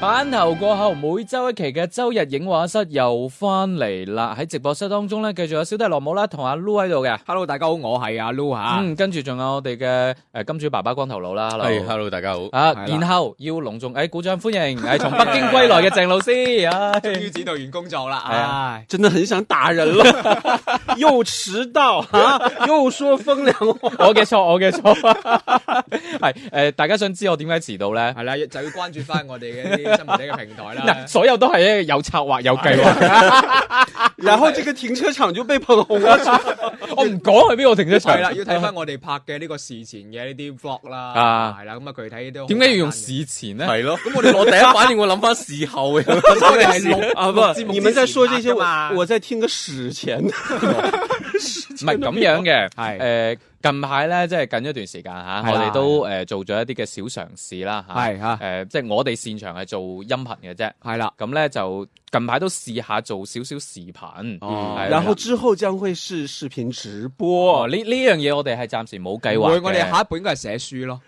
版頭過後，每周一期嘅周日影畫室又翻嚟啦！喺直播室當中咧，繼續有小弟羅母啦，同阿 Lu 喺度嘅。Hello，大家好，我係阿 Lu 吓。嗯，跟住仲有我哋嘅誒金主爸爸光頭佬啦。係，Hello，大家好。啊，然後要隆重誒，鼓掌歡迎誒，從北京歸來嘅鄭老師。終於指導完工作啦，哎，真的很想打人啦，又遲到啊，又說風涼話。我嘅錯，我嘅錯。係誒，大家想知我點解遲到咧？係啦，就要關注翻我哋嘅呢。自媒平台啦，所有都係咧，有策劃有計劃。然後這個停車場就被捧紅，我唔講去邊個停車場。係啦，要睇翻我哋拍嘅呢個事前嘅呢啲 vlog 啦。啊，係啦，咁啊具體呢啲點解要用事前咧？係咯，咁我哋我第一反應我諗翻事後啊，啊不，你們在說這些，我我在聽個事前。唔係咁樣嘅，係誒。近排咧，即係近一段時間吓，我哋都誒做咗一啲嘅小嘗試啦吓，係吓，誒即係我哋擅長係做音頻嘅啫，係啦。咁咧就近排都試下做少少視頻，然後之後將會試視頻直播呢呢樣嘢，我哋係暫時冇計劃。我哋下一本應該係寫書咯，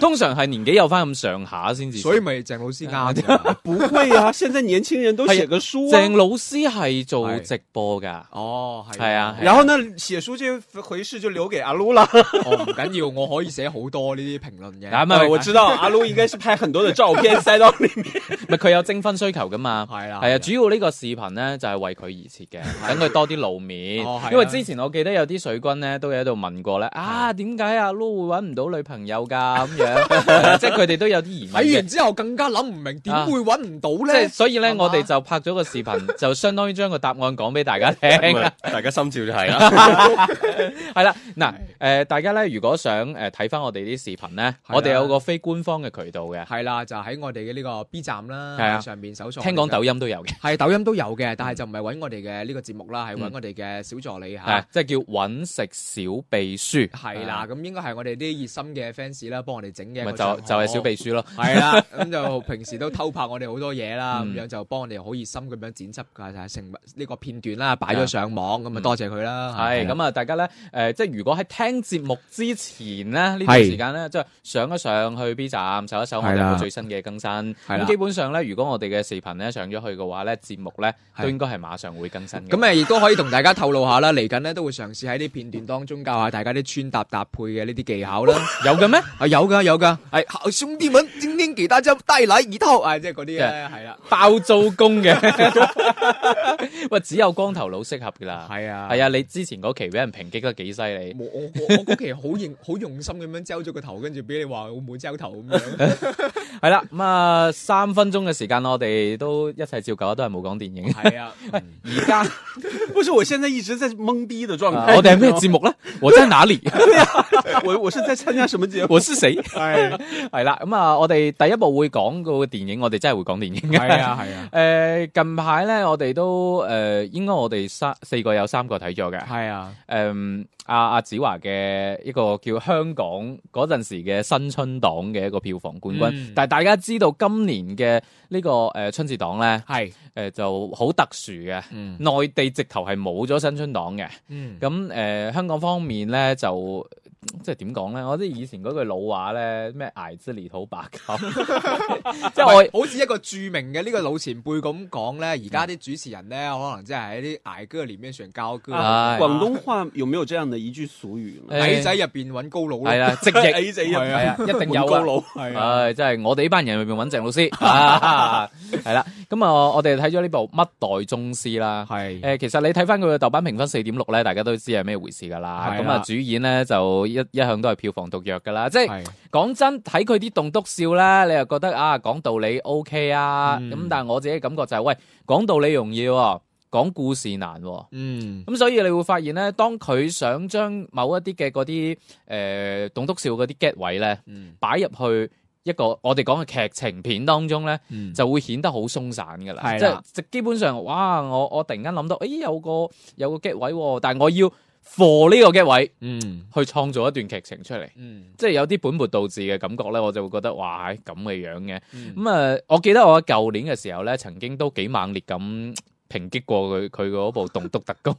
通常係年紀有翻咁上下先至，所以咪鄭老師教啫。唔會啊，現在年輕人都寫個書。鄭老師係做直播噶，哦係啊，然後呢寫書回事就留給阿 Lu 啦。唔緊要，我可以寫好多呢啲評論嘅。唔係、嗯， 我知道阿 Lu 應該是拍很多的照片塞到裏面。係 佢 有徵婚需求噶嘛？係啊、 嗯、係、嗯、啊、嗯，主要呢個視頻咧就係、是、為佢而設嘅，等佢多啲露面。因為之前我記得有啲水軍咧都有喺度問過咧，啊，點解阿 Lu 會揾唔到女朋友噶咁樣？即係佢哋都有啲疑問。睇 完之後更加諗唔明點會揾唔到咧。即係、啊就是、所以咧，吧我哋就拍咗個視頻，就相當於將個答案講俾大家聽。 大家心照就係啦、啊。 係啦，嗱，誒，大家咧如果想誒睇翻我哋啲視頻咧，我哋有個非官方嘅渠道嘅，係啦，就喺我哋嘅呢個 B 站啦，係啊，上面搜索，聽講抖音都有嘅，係抖音都有嘅，但係就唔係搵我哋嘅呢個節目啦，係搵我哋嘅小助理吓，即係叫搵食小秘書，係啦，咁應該係我哋啲熱心嘅 fans 啦，幫我哋整嘅，就就係小秘書咯，係啦，咁就平時都偷拍我哋好多嘢啦，咁樣就幫我哋好熱心咁樣剪輯㗎，成物呢個片段啦，擺咗上網，咁啊多謝佢啦，係，咁啊大家咧。誒，即係如果喺聽節目之前咧呢段時間咧，即係上一上去 B 站，搜一搜我哋嘅最新嘅更新。咁基本上咧，如果我哋嘅視頻咧上咗去嘅話咧，節目咧都應該係馬上會更新嘅。咁啊，亦都可以同大家透露下啦，嚟緊咧都會嘗試喺啲片段當中教下大家啲穿搭搭配嘅呢啲技巧啦。有嘅咩？啊有噶有噶，係兄弟們，今天給大家帶來一套，誒即係嗰啲係啦，包租公嘅。喂，只有光頭佬適合噶啦。係啊，係啊，你之前嗰期俾人抨擊。而家幾犀利？我我我我嗰期好用好用心咁樣揪咗個頭，跟住俾你話我冇揪頭咁樣。係啦，咁啊，三分鐘嘅時間，我哋都一齊照舊，都係冇講電影。係啊，喂，而家不是我現在一直在懵逼的狀態。嗯、我哋係咩節目咧？我真係哪裏？我 我是在參加什麼節目？我是誰？係係啦，咁啊，我哋第一部會講個電影，我哋真係會講電影嘅。係啊係啊，誒， 近排咧，我哋都誒，應該我哋三四個有三個睇咗嘅。係啊呀，誒、 嗯。阿阿子華嘅一個叫香港嗰陣時嘅新春檔嘅一個票房冠軍，嗯、但係大家知道今年嘅呢個誒春節檔呢係誒就好特殊嘅，內、嗯、地直頭係冇咗新春檔嘅，咁誒、嗯呃、香港方面呢，就。即係點講咧？我知以前嗰句老話咧，咩挨之泥土白交，即係我好似一個著名嘅呢個老前輩咁講咧。而家啲主持人咧，可能真係喺啲矮個年面上高個。啊，廣東話有沒有這樣的一句俗語？矮仔入邊揾高佬，係啊，直譯，係啊，一定有高佬係即係，唉，真係我哋呢班人入邊揾鄭老師，係啦。咁啊，我哋睇咗呢部《乜代宗師》啦。係誒，其實你睇翻佢嘅豆瓣評分四點六咧，大家都知係咩回事噶啦。咁啊，主演咧就。一一向都係票房毒藥噶啦，即係講是真，睇佢啲棟篤笑咧，你又覺得啊，講道理 O、OK、K 啊，咁、嗯、但係我自己嘅感覺就係、是、喂，講道理容易、啊，講故事難、啊，嗯，咁所以你會發現咧，當佢想將某一啲嘅嗰啲誒棟篤笑嗰啲 get 位咧，嗯，擺入去一個我哋講嘅劇情片當中咧，嗯、就會顯得好鬆散噶啦，係啦的，即係基本上，哇，我我，我，我突然間諗到，誒、欸、有個有個 get 位，但係我要。for 呢個嘅位，嗯，去創造一段劇情出嚟，嗯，mm. 即係有啲本末倒置嘅感覺咧，我就會覺得哇，咁嘅樣嘅，咁啊、mm. 嗯，我記得我舊年嘅時候咧，曾經都幾猛烈咁抨擊過佢佢嗰部《棟篤特工》，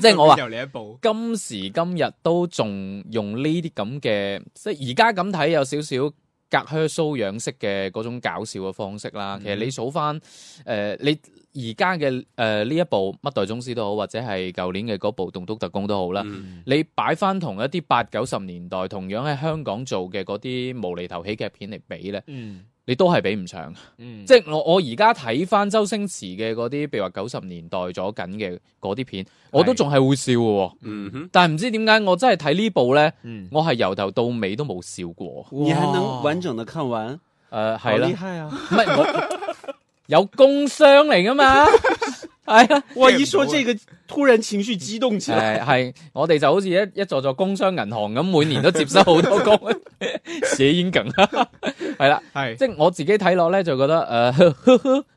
即係我話，由你一部，今時今日都仲用呢啲咁嘅，即係而家咁睇有少少。隔靴搔癢式嘅嗰種搞笑嘅方式啦，嗯、其實你數翻，誒、呃、你而家嘅誒呢一部乜代宗師，都好，或者係舊年嘅嗰部棟篤特工都好啦，嗯、你擺翻同一啲八九十年代同樣喺香港做嘅嗰啲無厘頭喜劇片嚟比咧。嗯你都係比唔上，嗯、即係我我而家睇翻周星馳嘅嗰啲，譬如話九十年代咗緊嘅嗰啲片，的我都仲係會笑嘅、哦，嗯、哼但係唔知點解我真係睇呢部咧，嗯、我係由頭到尾都冇笑過。哇你還能完整地看完？誒、呃，係啦，咩、啊？我 有工傷嚟㗎嘛！ 係啊，我一哇說這個突然情緒激動起來，係、嗯呃、我哋就好似一一座座工商銀行咁，每年都接收好多公寫煙梗，係啦，係即係我自己睇落咧就覺得誒，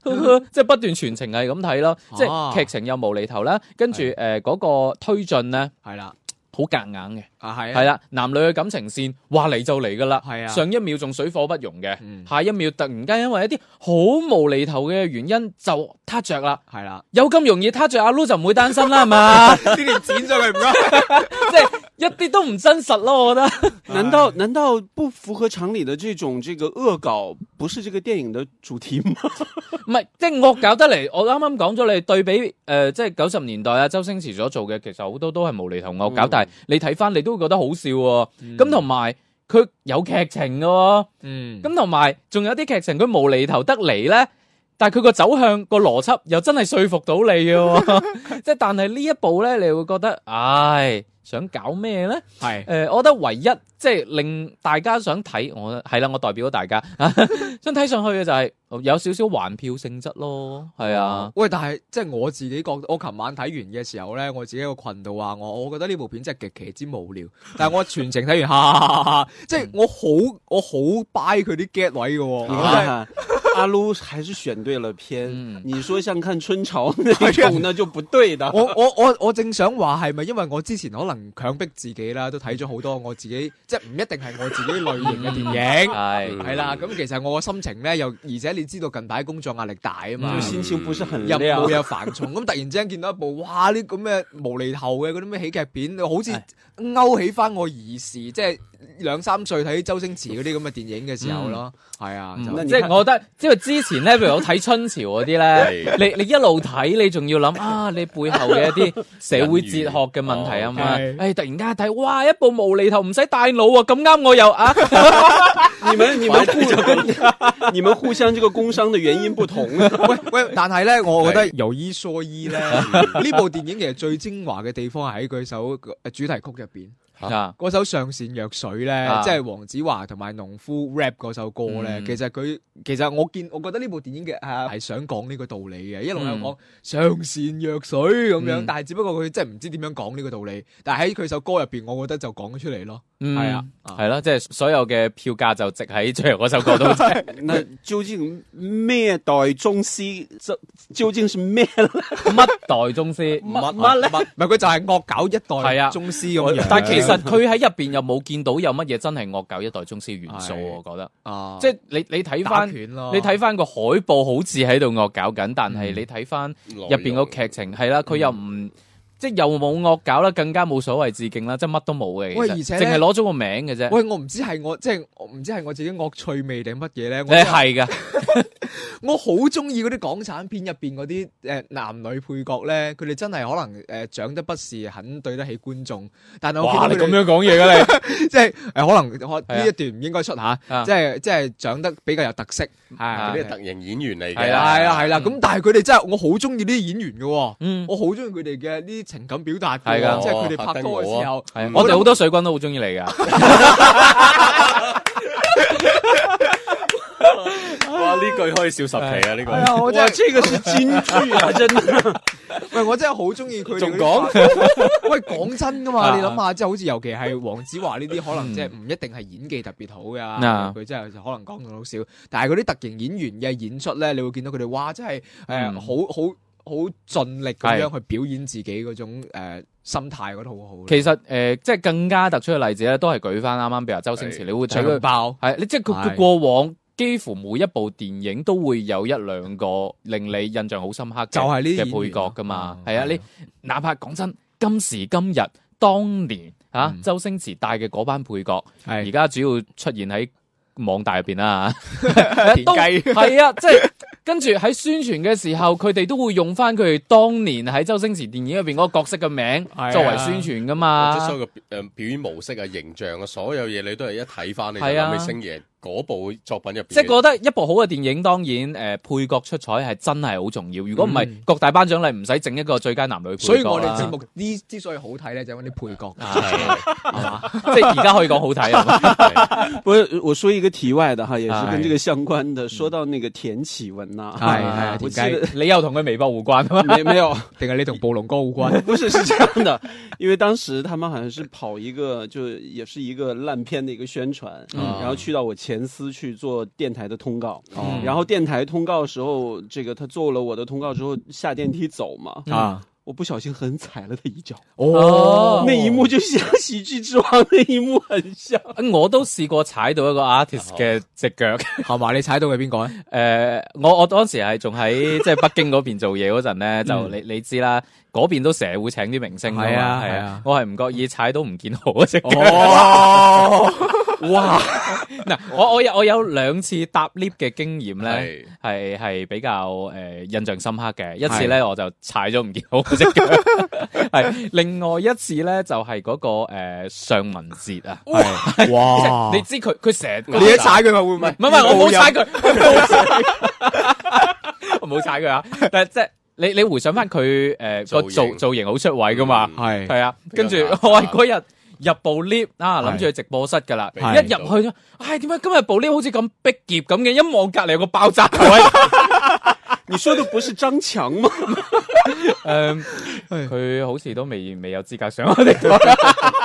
呃、 即係不斷全程係咁睇咯，啊、即係劇情又無厘頭啦，跟住誒嗰個推進咧係啦，好夾硬嘅。啊係係啦，啊啊、男女嘅感情線話嚟就嚟噶啦，係啊，上一秒仲水火不容嘅，嗯、下一秒突然間因為一啲好無厘頭嘅原因就撻着啦，係啦、啊，有咁容易撻着阿 Lu 就唔會單身啦，係嘛？啲剪咗去唔該，即係一啲都唔真實咯，我覺得。哎、難道難道不符合常理的這種這個惡搞，不是這個電影的主題嗎？唔係， 即係惡搞得嚟。我啱啱講咗你對比，誒、呃，即係九十年代啊，周星馳所做嘅，其實好多都係無厘頭惡搞， 但係你睇翻你。都會覺得好笑，咁同埋佢有劇情嘅，咁同埋仲有啲劇情佢無厘頭得嚟咧，但係佢個走向個邏輯又真係說服到你嘅，即係但係呢一部咧，你會覺得，唉，想搞咩咧？係誒，我覺得唯一即係令大家想睇，我覺得係啦，我代表咗大家想睇上去嘅就係。有少少還票性質咯，係啊，喂，但係即係我自己覺，我琴晚睇完嘅時候咧，我自己個群度話我，我覺得呢部片真係極其之無聊。但係我全程睇完，即係我好，我好 buy 佢啲 get 位嘅。阿 Luc 還是選對了片，你說想看春潮，你講那就不對的。我我我我正想話係咪，因為我之前可能強迫自己啦，都睇咗好多我自己，即係唔一定係我自己類型嘅電影。係係啦，咁其實我個心情咧，又而且。你知道近排工作壓力大啊嘛，先朝本身任務又繁重，咁 突然之間見到一部，哇！呢個咩無厘頭嘅嗰啲咩喜劇片，好似勾起翻我兒時，即係。兩三歲睇周星馳嗰啲咁嘅電影嘅時候咯，係、嗯、啊，嗯、即係我覺得，即係之前咧，譬如我睇《春潮 》嗰啲咧，你你一路睇，你仲要諗啊，你背後嘅一啲社會哲學嘅問題啊嘛，誒、哦 okay. 哎，突然間睇，哇，一部無厘頭唔使帶腦啊，咁啱我又啊，你們你們互， 們互相這個工傷的原因不同呢 喂，喂喂，但係咧？我我有一說一咧，呢是 部電影其實最精華嘅地方係喺佢首主題曲入邊。嗰、啊、首上善若水咧，呢啊、即係黃子華同埋農夫 rap 嗰首歌咧，嗯、其實佢其實我見我覺得呢部電影嘅係、啊、想講呢個道理嘅，嗯、一路又講上善若水咁樣，嗯、但係只不過佢即係唔知點樣講呢個道理，但係喺佢首歌入邊，我覺得就講咗出嚟咯，係、嗯、啊。係啦，即係所有嘅票價就值喺最後嗰首歌度。那究竟咩代宗師？究竟係咩乜代宗師？乜乜咧？唔係佢就係惡搞一代係啊宗師咁樣。但係其實佢喺入邊又冇見到有乜嘢真係惡搞一代宗師元素，我覺得。啊，即係你你睇翻，你睇翻個海報好似喺度惡搞緊，但係你睇翻入邊個劇情係啦，佢又唔。即係又冇惡搞啦，更加冇所謂致敬啦，即係乜都冇嘅。喂，而且淨係攞咗個名嘅啫。喂，我唔知係我即係唔知係我自己惡趣味定乜嘢咧。我係噶。我好中意嗰啲港產片入邊嗰啲誒男女配角咧，佢哋真係可能誒長得不是很對得起觀眾，但係我哇，你咁樣講嘢嘅你，即係誒可能我呢一段唔應該出吓，即係即係長得比較有特色，係啲特型演員嚟嘅，係啦係啦係啦，咁但係佢哋真係我好中意呢啲演員嘅，嗯，我好中意佢哋嘅呢啲情感表達，係噶，即係佢哋拍拖嘅時候，我哋好多水軍都好中意你噶。哇！呢句可以笑十期啊！呢個哇，呢個係珍珠啊！真喂，我真係好中意佢。仲講喂，講真噶嘛？你諗下，即係好似尤其係黃子華呢啲，可能即係唔一定係演技特別好噶。佢真係可能講到好笑，但係嗰啲特型演員嘅演出咧，你會見到佢哋哇，真係誒，好好好盡力咁樣去表演自己嗰種誒心態，覺得好好。其實誒，即係更加突出嘅例子咧，都係舉翻啱啱，比如周星馳，你會睇佢爆係，你即係佢佢過往。幾乎每一部電影都會有一兩個令你印象好深刻，就係呢啲配角噶嘛，係啊，你哪怕講真，今時今日，當年啊，周星馳帶嘅嗰班配角，係而家主要出現喺網大入邊啦，都係啊，即係跟住喺宣傳嘅時候，佢哋都會用翻佢哋當年喺周星馳電影入邊嗰個角色嘅名作為宣傳噶嘛，所有嘅誒表演模式啊、形象啊，所有嘢你都係一睇翻你就諗起星爺。嗰部作品入邊，即係覺得一部好嘅電影，當然誒配角出彩係真係好重要。如果唔係，各大頒獎禮唔使整一個最佳男女配角，所以我哋節目呢之所以好睇咧，就揾啲配角，即係而家可以講好睇啊！不，我說一個題外的哈，也是跟這個相關的。說到那個田啟文啊，係係田雞，你又同佢微博互關？沒定係你同暴龍哥互關？不是，是這樣的，因為當時他們好像是跑一個，就也是一個爛片的一個宣傳，然後去到我。前司去做電台嘅通告，哦、然後電台通告嘅時候，這個他做了我的通告之後下電梯走嘛，嗯、啊，我不小心狠踩了他一腳，哦，哦那一幕就像喜劇之王那一幕很像，我都試過踩到一個 artist 嘅隻腳，係咪好 你踩到佢邊個咧？誒、 呃，我我當時係仲喺即係北京嗰邊做嘢嗰陣咧， 就你你知啦。嗰邊都成日會請啲明星，係啊係啊，我係唔覺意踩到吳建豪隻腳，哇！嗱，我我有我有兩次搭 lift 嘅經驗咧，係係比較誒印象深刻嘅。一次咧我就踩咗吳建豪隻腳，係另外一次咧就係嗰個誒尚文哲啊，哇！你知佢佢成日你踩佢咪會問，唔係唔係我冇踩佢，我冇踩佢啊，但係即係。你你回想翻佢誒個造造型好出位噶嘛？係係啊，跟住我話嗰日入部 lift 啊，諗住去直播室噶啦，一入去唉點解今日部 lift 好似咁逼劫咁嘅？一望隔離有個爆炸鬼。你衰到本是張強嘛。誒，佢好似都未未有資格上我哋。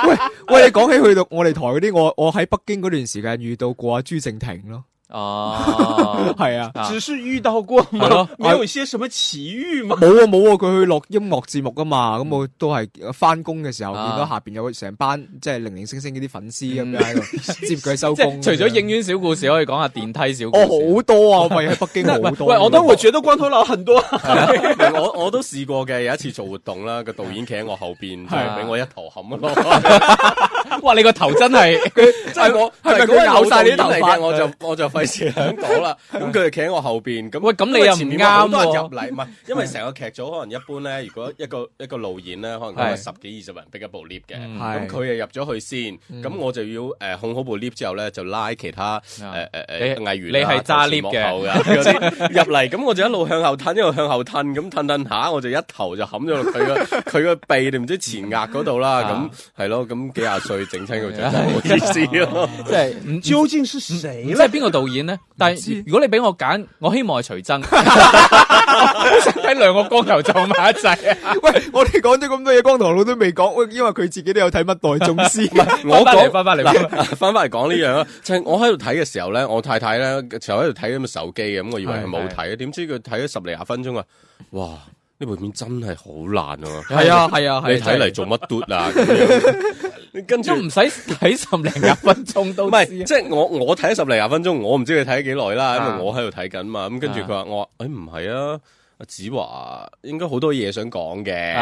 喂喂，你講起去到我哋台嗰啲，我我喺北京嗰段時間遇到過阿朱正廷咯。啊，係啊，只是遇到過，咪咯，有一些什麼奇遇嘛？冇啊冇啊，佢去落音樂節目噶嘛，咁我都係翻工嘅時候，見到下邊有成班即係零零星星啲粉絲咁樣喺度接佢收工。除咗影院小故事，可以講下電梯小故事。我好多啊，我喺北京好多，我都會住都關頭樓很多。我我都試過嘅，有一次做活動啦，個導演企喺我後邊，係俾我一頭冚咯。哇，你個頭真係，係我係咪佢扭晒你啲頭髮？我就我就想講啦，咁佢就企喺我後邊，咁喂咁你又唔啱喎。因入嚟，唔係因為成個劇組可能一般咧，如果一個一個路演咧，可能十幾二十人逼一部 lift 嘅，咁佢又入咗去先，咁我就要誒控好部 lift 之後咧，就拉其他誒誒誒藝員。你係揸 lift 嘅入嚟，咁我就一路向後褪，一路向後褪，咁褪褪下我就一頭就冚咗佢個佢個鼻定唔知前額嗰度啦。咁係咯，咁幾廿歲整親個就冇意思咯。即係究竟是誰？即係邊個導演？演咧，但係如果你俾我揀，我希望係徐崢，睇兩 個光頭就埋一齊。喂，我哋講咗咁多嘢，光頭佬都未講。喂，因為佢自己都有睇乜代宗師。我翻翻嚟，翻翻嚟，翻翻嚟講呢樣啊！這個就係，我喺度睇嘅時候咧，我太太咧就喺度睇咁嘅手機啊，咁我以為佢冇睇，點是是 知佢睇咗十零廿分鐘啊！哇，呢部片真係好爛啊！係啊係啊係啊！你睇嚟做乜嘟啊？你跟住都唔使睇十零廿分鐘都唔係， 即係我我睇十零廿分鐘，我唔知你睇咗幾耐啦，因為我喺度睇緊嘛。咁、啊、跟住佢話我話，哎唔係啊。子華應該好多嘢想講嘅，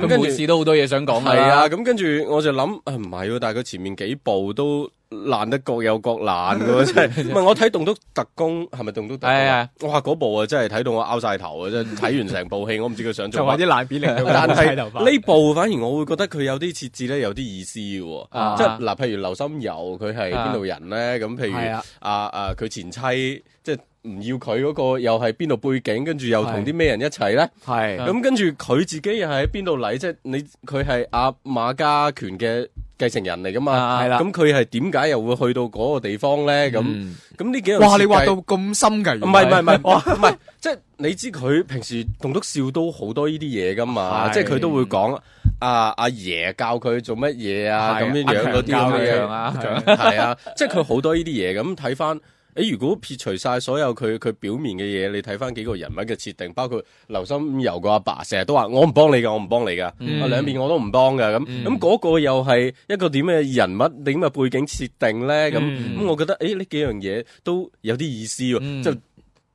咁跟住事都好多嘢想講啦。係啊，咁跟住我就諗，唔係，但係佢前面幾部都爛得各有各爛嘅，即係唔係？我睇《棟篤特工》係咪《棟篤特工》？係啊，哇，嗰部啊真係睇到我拗晒頭啊！即係睇完成部戲，我唔知佢想做咩。就啲爛片嚟嘅，但係呢部反而我會覺得佢有啲設置咧，有啲意思嘅。即係嗱，譬如劉心友佢係邊度人咧？咁譬如啊啊，佢前妻即係。唔要佢嗰個又係邊度背景，跟住又同啲咩人一齊咧？係咁跟住佢自己又係喺邊度嚟？即係你佢係阿馬家權嘅繼承人嚟噶嘛？係啦，咁佢係點解又會去到嗰個地方咧？咁咁呢幾日？哇！你話到咁深嘅，唔係唔係唔係，唔係即係你知佢平時棟篤笑都好多呢啲嘢噶嘛？即係佢都會講阿阿爺教佢做乜嘢啊？咁樣樣嗰啲咁樣樣啊？係啊，即係佢好多呢啲嘢咁睇翻。誒，如果撇除晒所有佢佢表面嘅嘢，你睇翻幾個人物嘅設定，包括劉心悠個阿爸，成日都話：「我唔幫你㗎，我唔幫你㗎，兩邊、嗯、我都唔幫㗎，咁咁嗰個又係一個點嘅人物點嘅背景設定咧？咁、嗯、咁，嗯、我覺得誒呢幾樣嘢都有啲意思喎。嗯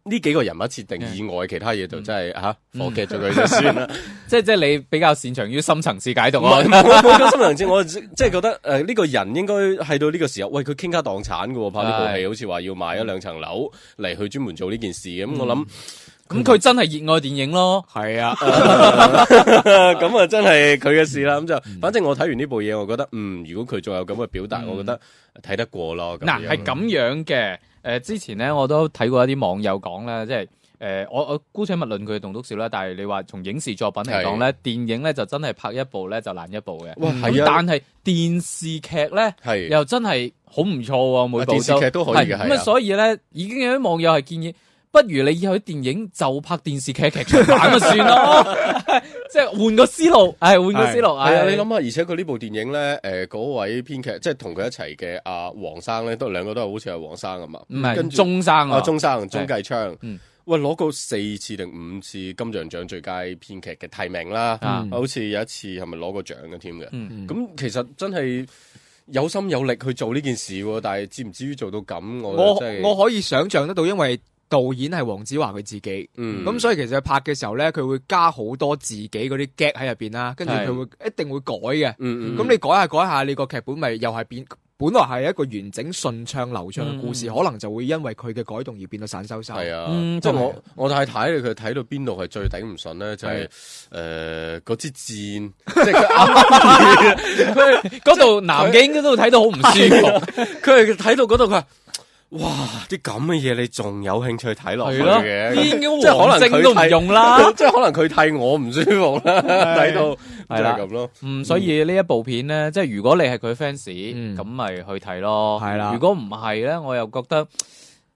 呢幾個人物設定以外，其他嘢就真係吓火劇咗佢就算啦。即係即係你比較擅長於深層次解讀啊。深層次我即係覺得誒呢個人應該係到呢個時候，喂佢傾家蕩產嘅，拍呢部戲好似話要買一兩層樓嚟去專門做呢件事咁。我諗咁佢真係熱愛電影咯。係啊，咁啊真係佢嘅事啦。咁就反正我睇完呢部嘢，我覺得嗯，如果佢仲有咁嘅表達，我覺得睇得過咯。嗱，係咁樣嘅。誒、呃、之前咧，我都睇過一啲網友講啦，即係誒、呃、我我姑且勿論佢棟篤笑啦，但係你話從影視作品嚟講咧，的電影咧就真係拍一部咧就爛一部嘅，啊、但係電視劇咧的又真係好唔錯喎、啊，每部都收，咁所以咧已經有啲網友係建議。不如你以後啲電影就拍電視劇劇玩咪算咯， 即係換個思路，係、哎、換個思路。係啊的的，你諗下，而且佢呢部電影咧，誒、呃，嗰位編劇，即係同佢一齊嘅阿黃生咧，都兩個都係好似係黃生啊嘛，唔係跟鍾著生啊，鍾、啊、生，鍾繼昌，嗯、喂，攞過四次定五次金像獎最佳編劇嘅提名啦，嗯、好似有一次係咪攞過獎嘅添嘅，咁、嗯嗯、其實真係有心有力去做呢件事，但係至唔至於做到咁，我我我可以想象得到，因為。導演係黃子華佢自己，咁所以其實拍嘅時候咧，佢會加好多自己嗰啲夾喺入邊啦，跟住佢會一定會改嘅。咁你改下改下，你個劇本咪又係變，本來係一個完整、順暢、流暢嘅故事，可能就會因為佢嘅改動而變到散修修。係啊，即係我我太太咧，佢睇到邊度係最頂唔順咧，就係誒嗰支箭，即係嗰度南京嗰度睇到好唔舒服，佢係睇到嗰度佢。哇！啲咁嘅嘢你仲有興趣睇落去嘅？即係可能佢都唔用啦， 即係可能佢睇我唔舒服啦，睇 到。係啦咁咯。的嗯，所以呢一部片咧，嗯、即係如果你係佢嘅 fans，咁咪去睇咯。係啦的，的如果唔係咧，我又覺得。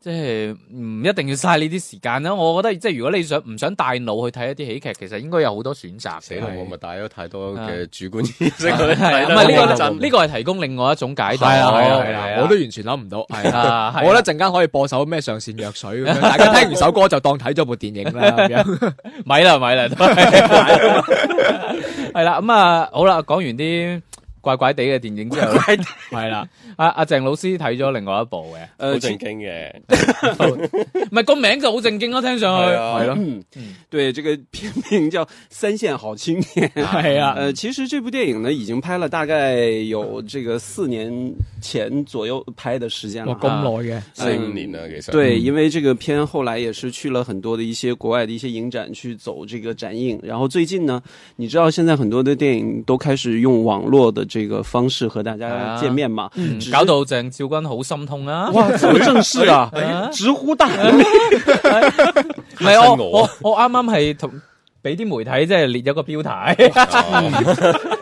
即係唔一定要嘥呢啲時間啦，我覺得即係如果你想唔想大腦去睇一啲喜劇，其實應該有好多選擇。死都冇物帶咗太多嘅主觀意識，呢個呢個係提供另外一種解答。係啊係啊，我都完全諗唔到。係啊，我覺得陣間可以播首咩上線藥水，大家聽完首歌就當睇咗部電影啦咪啦咪啦，係啦咁啊，好啦，講完啲。怪怪哋嘅電影之後，係啦，阿阿鄭老師睇咗另外一部嘅，正經嘅，唔係個名就好正經咯，聽上去。對，這個片名叫《三線好青年》。係啊，誒、啊嗯，其實這部電影呢已經拍了大概有這個四年前左右拍嘅時間啦。咁耐嘅，啊嗯、四五年啦，其實。對，因為這個片後來也是去了很多的一些國外的一些影展去走這個展映，然後最近呢，你知道現在很多的電影都開始用網絡的，這個方式和大家見面嘛，啊是嗯、搞到鄭少君好心痛啊！哇，這麼正式啊，直呼大，唔係、 嗯、我我我啱啱係同俾啲媒體即係列咗個標題。 嗯啊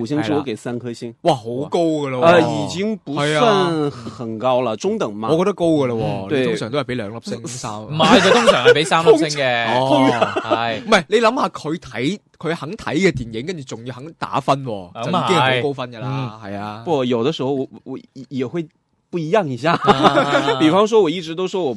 五星，我給三顆星，哇，好高噶啦！誒，已經不算很高了，中等嘛？我覺得高噶啦，你通常都係俾兩粒星，三唔係佢通常係俾三粒星嘅，係，唔係你諗下佢睇佢肯睇嘅電影，跟住仲要肯打分，咁啊，已經係好高分嘅啦，係啊。不過，有的時候我我也會不一樣一下，比方說我一直都說我。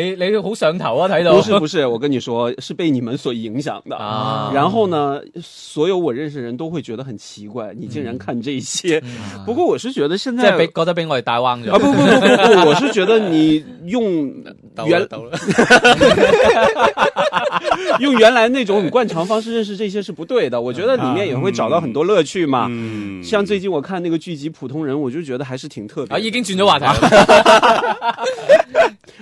你你好上頭啊！睇到不是不是，我跟你說，是被你們所影響的。啊、然後呢，所有我認識的人都會覺得很奇怪，嗯、你竟然看這些。嗯啊、不過我是覺得現在覺得俾我哋帶歪咗。不不不不不，我是覺得你用原 用原來那種很慣常方式認識這些是不對的。我覺得裏面也會找到很多樂趣嘛。嗯，啊、嗯，像最近我看那個劇集《普通人》，我就覺得還是挺特別、啊。已經轉咗話題。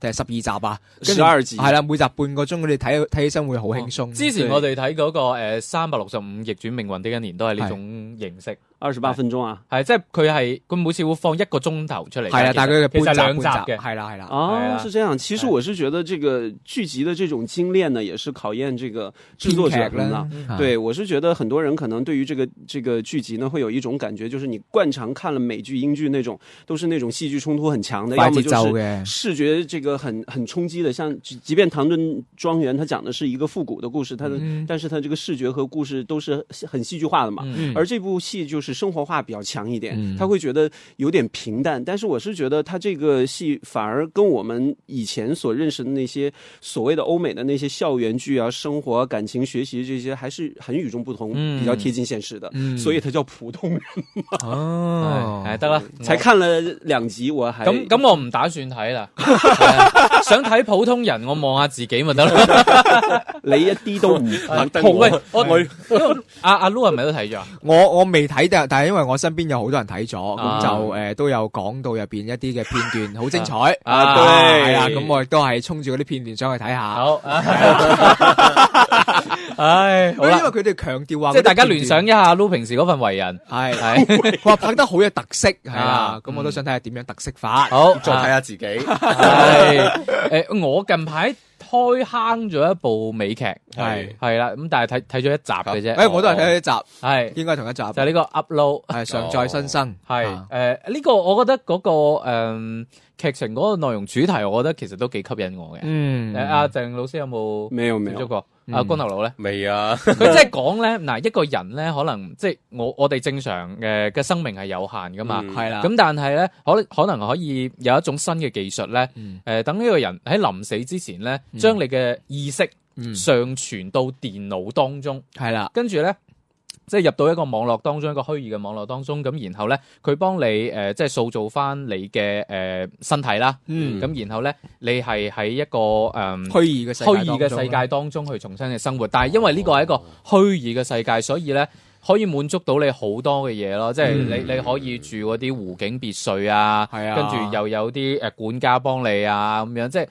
第十二集啊，十二集，係啦，每集半個鐘，佢哋睇睇起身會好輕鬆。之前我哋睇嗰個三百六十五逆轉命運的一年都係呢種形式，二十八分鐘啊，係即係佢係佢每次會放一個鐘頭出嚟，係啊，但係佢嘅半集半集嘅，係啦係啦。哦，係咁樣，其實我是覺得這個劇集嘅這種精煉呢，也是考驗這個製作者啦。對，我是覺得很多人可能對於這個這個劇集呢，會有一種感覺，就是你慣常看了美劇英劇，那種都是那種戲劇衝突很強的，要麼就是視覺這個。很很衝擊的，像即便唐頓莊園，它講的是一個復古的故事，它的，但是它這個視覺和故事都是很戲劇化的嘛。而這部戲就是生活化比較強一點，他會覺得有點平淡。但是我是覺得他這個戲反而跟我們以前所認識的那些所謂的歐美的那些校園劇啊、生活、感情、學習這些，還是很與眾不同，比較貼近現實的。所以他叫普通人哦、啊哎，哎，哎得了，才看了兩集我還，我，咁咁我唔打算睇啦、 哎。 想睇普通人，我望下自己咪得咯。 你一啲都唔得。喂， 我阿阿 Lo 係咪都睇咗？我 我未睇、啊，但係因為我身邊有好多人睇咗，咁就誒、呃、都有講到入邊一啲嘅片段，好精彩。 啊，係 啊，咁、啊、我亦都係衝住嗰啲片段上去睇下。好。啊 唉，咁因為佢哋強調話，即係大家聯想一下，Lo 平時嗰份為人，係係佢話拍得好有特色，係啦，咁我都想睇下點樣特色化，好再睇下自己。係誒，我近排開坑咗一部美劇，係係啦，咁但係睇睇咗一集嘅啫，誒，我都係睇咗一集，係應該同一集，就呢個 Upload，上載新生，係誒呢個，我覺得嗰個誒劇情嗰個內容主題，我覺得其實都幾吸引我嘅。嗯，阿鄭老師有冇沒有接觸過？嗯、沒啊，光頭佬咧？未啊！佢即係講咧，嗱，一個人咧，可能即係我我哋正常嘅嘅生命係有限噶嘛，係啦、嗯。咁但係咧，可可能可以有一種新嘅技術咧，誒、嗯呃，等呢個人喺臨死之前咧，將你嘅意識上傳到電腦當中，係啦、嗯，跟住咧。即係入到一個網絡當中，一個虛擬嘅網絡當中，咁然後咧佢幫你誒、呃，即係塑造翻你嘅誒身體啦。嗯。咁然後咧，你係喺一個誒、呃、虛擬嘅世界，虛擬嘅世界當中去重新嘅生活，但係因為呢個係一個虛擬嘅世界，所以咧可以滿足到你好多嘅嘢咯。嗯、即係你你可以住嗰啲湖景別墅啊，係啊，跟住又有啲誒管家幫你啊咁樣，即係。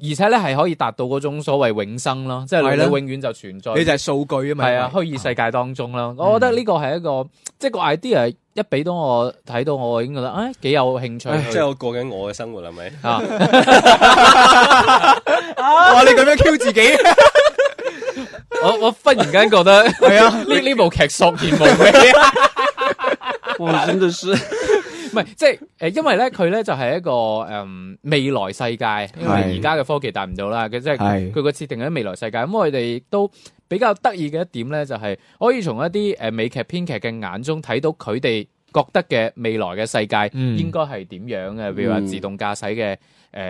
而且咧係可以達到嗰種所謂永生咯，即、就、係、是、你永遠就存在，你就係數據啊嘛，係啊，虛 Auss 擬 us 世界當中啦。啊、我覺得呢個係一個，即係個 idea，一俾到我睇到我，我已經覺得、哎，誒，幾有興趣。即係、哎、去我過緊我嘅生活係咪？啊，哇！ 你咁樣 Q 自己，我我忽然間覺得係啊， 呢呢部劇索然無味 真的是。唔係， 即係誒，因為咧佢咧就係、是、一個誒、嗯、未來世界，因為而家嘅科技大唔到啦，佢是即係佢個設定喺未來世界。咁是我哋都比較得意嘅一點咧，就係、是、可以從一啲誒美劇編劇嘅眼中睇到佢哋覺得嘅未來嘅世界應該係點樣嘅？譬如話自動駕駛嘅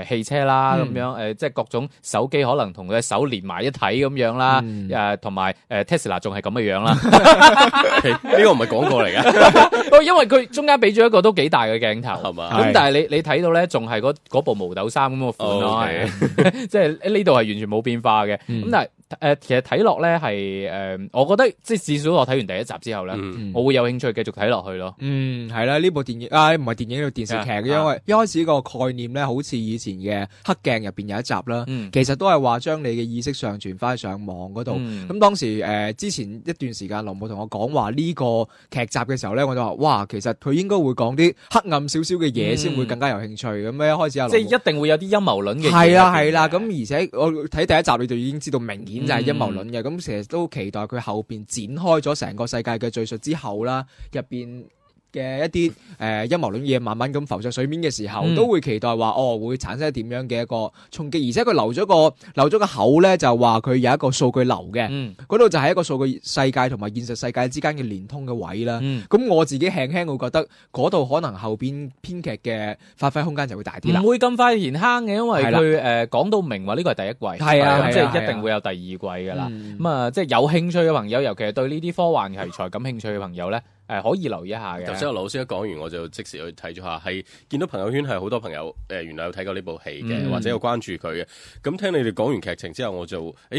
誒汽車啦，咁樣誒、呃，即係各種手機可能同佢嘅手連埋一體咁樣啦，誒、呃，同埋誒 Tesla 仲係咁嘅樣啦。呢個唔係廣告嚟嘅，因為佢中間俾咗一個都幾大嘅鏡頭，咁、嗯、但係你你睇到咧，仲係嗰部毛豆衫咁嘅款咯，係即係呢度係完全冇變化嘅。咁但係。Hmm 誒，其實睇落咧係誒，我覺得即係至少我睇完第一集之後咧，我會有興趣繼續睇落去咯。嗯，係啦，呢部電影，唔係電影嘅電視劇，因為一開始個概念咧，好似以前嘅黑鏡入邊有一集啦，其實都係話將你嘅意識上傳翻去上網嗰度。咁當時誒，之前一段時間林母同我講話呢個劇集嘅時候咧，我就話哇，其實佢應該會講啲黑暗少少嘅嘢，先會更加有興趣。咁一開始即係一定會有啲陰謀論嘅。係啦係啦，咁而且我睇第一集你就已經知道明顯。就係陰謀論嘅，咁，其實都期待佢後邊展開咗成個世界嘅敘述之後啦，入邊。嘅一啲誒陰謀論嘢，慢慢咁浮上水面嘅時候，都會期待話哦會產生點樣嘅一個衝擊，而且佢留咗個留咗個口咧，就話佢有一個數據流嘅，嗰度就係一個數據世界同埋現實世界之間嘅連通嘅位啦。咁我自己輕輕會覺得嗰度可能後邊編劇嘅發揮空間就會大啲啦，唔會咁快填坑嘅，因為佢誒講到明話呢個係第一季，係啊，即係一定會有第二季噶啦。咁啊，即係有興趣嘅朋友，尤其係對呢啲科幻題材感興趣嘅朋友咧。誒、呃、可以留意一下嘅，頭先阿劉老師一講完，我就即時去睇咗下，係見到朋友圈係好多朋友誒、呃，原來有睇過呢部戲嘅，嗯、或者有關注佢嘅。咁聽你哋講完劇情之後，我就誒誒、欸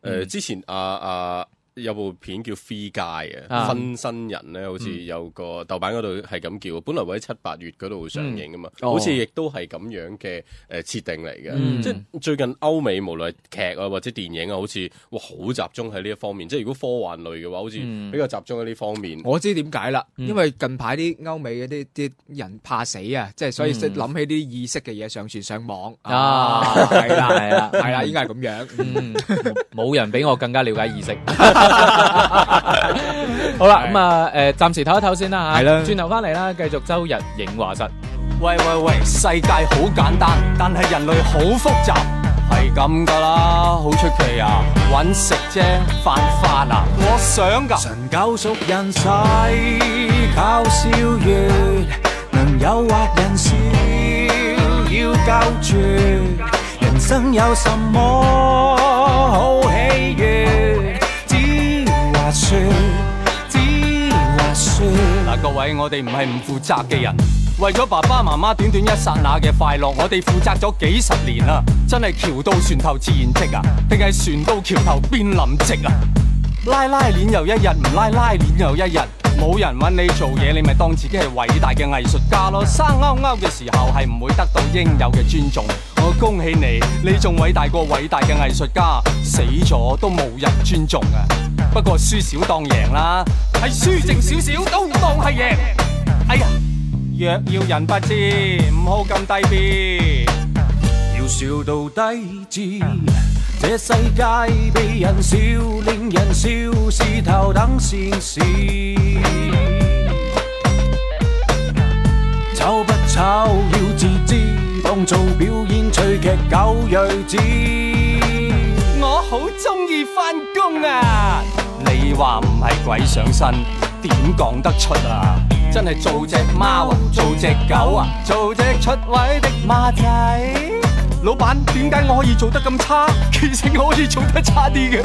呃嗯、之前阿阿。啊啊有部片叫《Free Guy》嘅分身人咧，好似有個豆瓣嗰度係咁叫，本來喺七八月嗰度上映噶嘛，好似亦都係咁樣嘅誒設定嚟嘅。即係最近歐美無論劇啊或者電影啊，好似哇好集中喺呢一方面。即係如果科幻類嘅話，好似比較集中喺呢方面。我知點解啦，因為近排啲歐美嗰啲啲人怕死啊，即係所以諗起啲意識嘅嘢上傳上網啊，係啦係啦係啦，應該係咁樣。冇人比我更加了解意識。好啦，咁啊，誒，暫時唞一唞先啦吓，係啦，轉頭翻嚟啦，繼續周日影話室。喂喂喂，世界好簡單，但係人類好複雜，係咁噶啦，好出奇啊，搵食啫，飯飯啊，我想噶。嗱、啊，各位，我哋唔係唔負責嘅人，為咗爸爸媽媽短短一刹那嘅快樂，我哋負責咗幾十年喇！真係橋到船頭自然直啊，定係船到橋頭變林直啊？拉拉鏈又一日，唔拉拉鏈又一日，冇人搵你做嘢，你咪當自己係偉大嘅藝術家咯？生勾勾嘅時候係唔會得到應有嘅尊重，我恭喜你，你仲偉大過偉大嘅藝術家，死咗都冇人尊重啊！不過輸少當贏啦，係輸剩少少都當係贏。贏哎呀，若要人不知，唔好咁低 b。要笑到低智，這世界被人笑，令人笑是頭等善事，事。醜不醜要自知，當做表演趣劇狗睿智。我好中意翻工啊！你話唔係鬼上身，點講得出啊？真係做隻貓啊，做隻狗啊，做隻出位的馬仔。老闆，點解我可以做得咁差？其實我可以做得差啲嘅。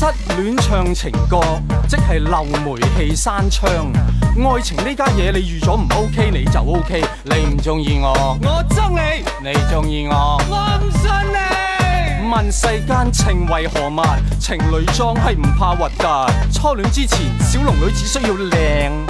失戀唱情歌，即係漏煤氣上香。愛情呢家嘢，你預咗唔 OK，你就 OK。你唔中意我，我憎你；你中意我，我唔信你。問世間情為何物？情侶裝係唔怕核㗎。初戀之前，小龍女只需要靚。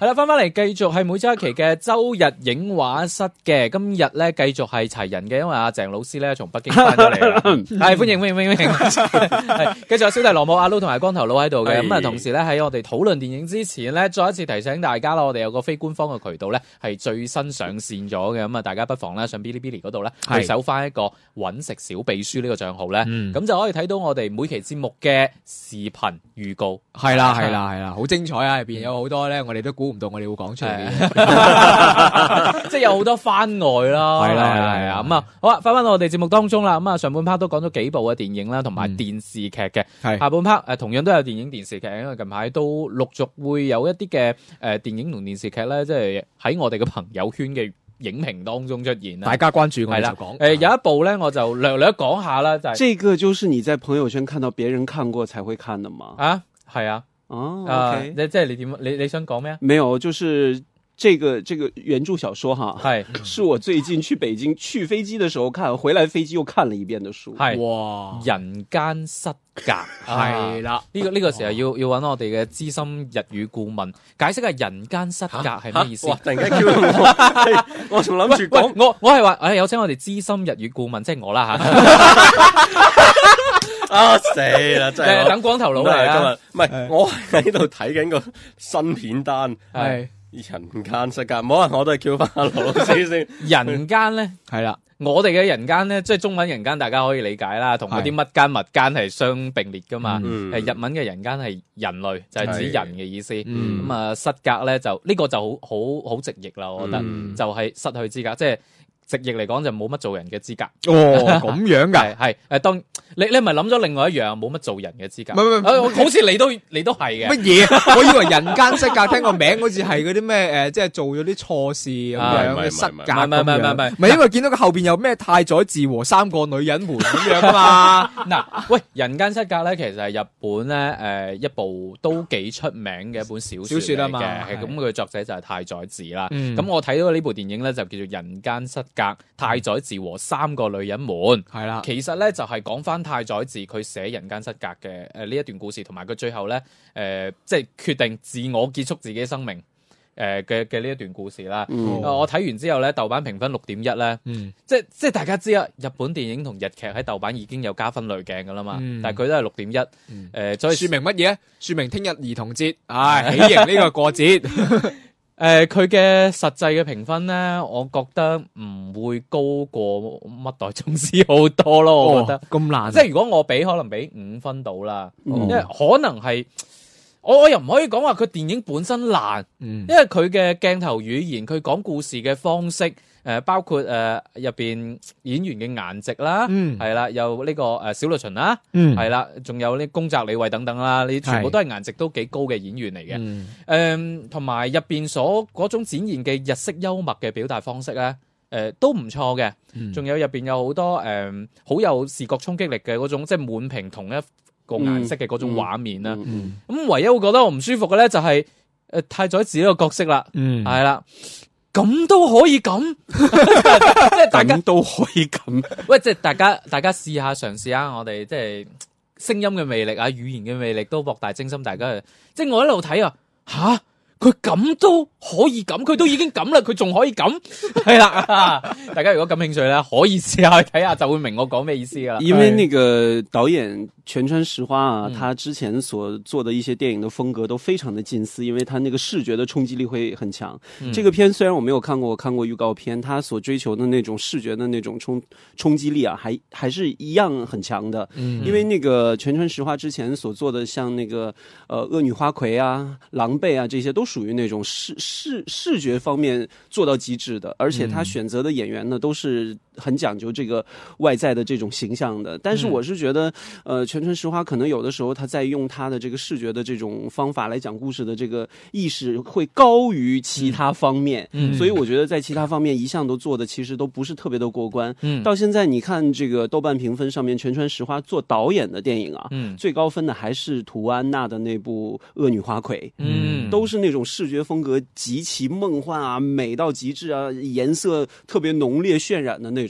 係啦，翻翻嚟繼續係每周一期嘅周日影畫室嘅，今日咧繼續係齊人嘅，因為阿鄭老師咧從北京翻咗嚟啦，係歡迎歡迎歡迎，係，繼續有小弟羅姆阿 l 同埋光頭佬喺度嘅，咁啊同時咧喺我哋討論電影之前咧，再一次提醒大家啦，我哋有個非官方嘅渠道咧係最新上線咗嘅，咁啊大家不妨咧上嗶哩嗶哩嗰度咧去搜翻一個揾食小秘書呢個賬號咧，咁就可以睇到我哋每期節目嘅視頻預告，係啦係啦係啦，好精彩啊，入邊有好多咧，我哋都估。唔到我哋會講出嚟，即係有好多番外啦。係啦，係啊。咁啊，好啊，翻翻到我哋節目當中啦。咁啊，上半 part 都講咗幾部嘅電影啦，同埋電視劇嘅。係下半 part 誒，同樣都有電影、電視劇，因為近排都陸續會有一啲嘅誒電影同電視劇咧，即係喺我哋嘅朋友圈嘅影評當中出現大家關注我哋講。誒，有一部咧，我就略略講下啦。就這個就是你在朋友圈看到別人看過才會看的嘛。啊，係啊。哦、啊 Okay.，你即係你點？你你想講咩啊？沒有，就是這個這個原著小說哈，係是我最近去北京去飛機的時候看，回來飛機又看了一遍的書，係是哇，人間失格，係啦，呢個呢、這個時候要要揾我哋嘅資深日語顧問解釋下人間失格係咩意思？突然間叫我， 欸、我仲諗住講我我係話，唉、哎、有請我哋資深日語顧問，即、就、係、是、我啦。啊 啊死啦！真係等光頭佬嚟，今日，唔係我喺度睇緊個新片單，係人間失格。冇可能，我都係叫翻阿劉老師先。人間咧係啦，我哋嘅人間咧，即係中文人間，大家可以理解啦，同嗰啲乜間物間係相並列噶嘛。係日文嘅人間係人類，就係指人嘅意思。咁啊失格咧就呢個就好好好直譯啦，我覺得就係失去資格，即係。直譯嚟講就冇乜做人嘅資格哦，咁樣噶，係，係，當你你咪諗咗另外一樣冇乜做人嘅資格，唔係唔係，好似你都你都係嘅乜嘢？我以為《人間失格》聽個名好似係嗰啲咩誒，即係做咗啲錯事咁樣嘅失格，唔係唔係唔係，唔係因為見到佢後邊有咩太宰治和三個女人們咁樣啊嘛？嗱，喂，《人間失格》咧其實係日本咧誒一部都幾出名嘅一本小小説啊嘛，係咁佢作者就係太宰治啦。咁我睇到呢部電影咧就叫做《人間失格》。太宰治和三個女人們，係啦的，其實咧就係、是、講返太宰治佢寫人間失格嘅誒呢一段故事，同埋佢最後咧誒即係決定自我結束自己生命誒嘅嘅呢一段故事啦。嗯呃、我睇完之後咧，豆瓣評分六點一咧，即即係大家知啊，日本電影同日劇喺豆瓣已經有加分濾鏡噶啦嘛，嗯、但係佢都係六點一誒，再説、呃、明乜嘢咧？說明聽日兒，兒童節，係喜迎呢個過節。 誒，佢嘅、呃、實際嘅評分咧，我覺得唔會高過《乜代宗師》好多咯，我覺得咁爛。難啊，即係如果我俾可能俾五分到啦，嗯、因為可能係我我又唔可以講話佢電影本身爛，嗯、因為佢嘅鏡頭語言佢講故事嘅方式。誒，包括誒入邊演員嘅顏值啦，係啦，有呢個誒小律淳啦，係啦，仲有呢公澤李慧等等啦，呢全部都係顏值都幾高嘅演員嚟嘅。誒，同埋入邊所嗰種展現嘅日式幽默嘅表達方式咧，誒都唔錯嘅。仲有入邊有好多誒好有視覺衝擊力嘅嗰種，即係滿屏同一個顏色嘅嗰種畫面啦。咁唯一會覺得我唔舒服嘅咧，就係誒太宰自己個角色啦，係啦。咁都可以咁，即 係大家 都可以咁。喂，即係大家，大家試下嘗試下，嘗嘗我哋即係聲音嘅魅力啊，語言嘅魅力都博大精深。大家，即係我一路睇啊，吓、啊！佢咁都可以咁，佢都已經咁啦，佢仲可以咁，係 啦。大家如果感興趣咧，可以試下去睇下，就會明我講咩意思噶啦。因為那個導演全川石花啊，嗯、他之前所做的一些電影的風格都非常的近似，因為他那個視覺的衝擊力會很強。嗯、這個片雖然我沒有看過，我看過預告片，他所追求的那種視覺的那種衝衝擊力啊，還還是一樣很強的。嗯、因為那個蜷川實花之前所做的，像那個，呃，惡女花魁啊、狼狽啊，這些都屬於那種視視視覺方面做到極致的，而且他選擇的演員呢，都是，很講究這個外在的這種形象的，但是我是覺得，嗯、呃，蜷川實花可能有的時候他在用他的這個視覺的這種方法來講故事的這個意識會高於其他方面，嗯，所以我覺得在其他方面一向都做的其實都不是特別的過關。嗯，到現在你看這個豆瓣評分上面，蜷川實花做導演的電影啊，嗯，最高分的還是土屋安娜的那部《惡女花魁》，嗯，都是那種視覺風格極其夢幻啊、美到極致啊、顏色特別濃烈渲染的那種。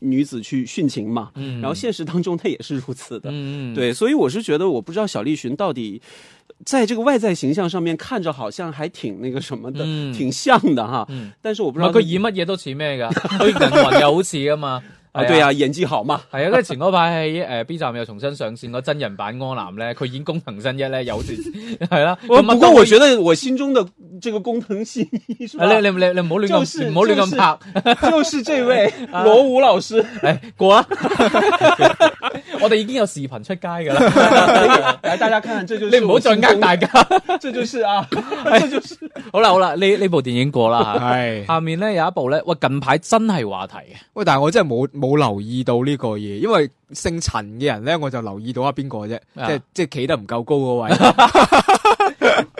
女子去殉情嘛，嗯、然後現實當中，他也是如此的，嗯、對，所以我是覺得，我不知道小栗旬到底。在這個外在形象上面看着好像還挺那個什麼的，挺像的哈。但是我不知道佢演乜嘢都似咩噶？有似噶嘛？啊，對啊，演技好嘛？係啊，跟住前嗰排喺誒 B 站又重新上線個真人版柯南咧，佢演工藤新一咧，有段係啦。咁不過我覺得我心中的這個工藤新一，你你你你唔好亂，就是唔好亂咁拍，就是這位羅武老師。過啦，我哋已經有視頻出街噶啦，大家看，近你唔好再。呃，大家， 這就是啊，這就是好啦好啦，呢呢部電影過啦，係 下面咧有一部咧，喂近排真係話題嘅，喂但係我真係冇冇留意到呢個嘢，因為姓陳嘅人咧我就留意到啊邊個啫，即係即係企得唔夠高嗰位。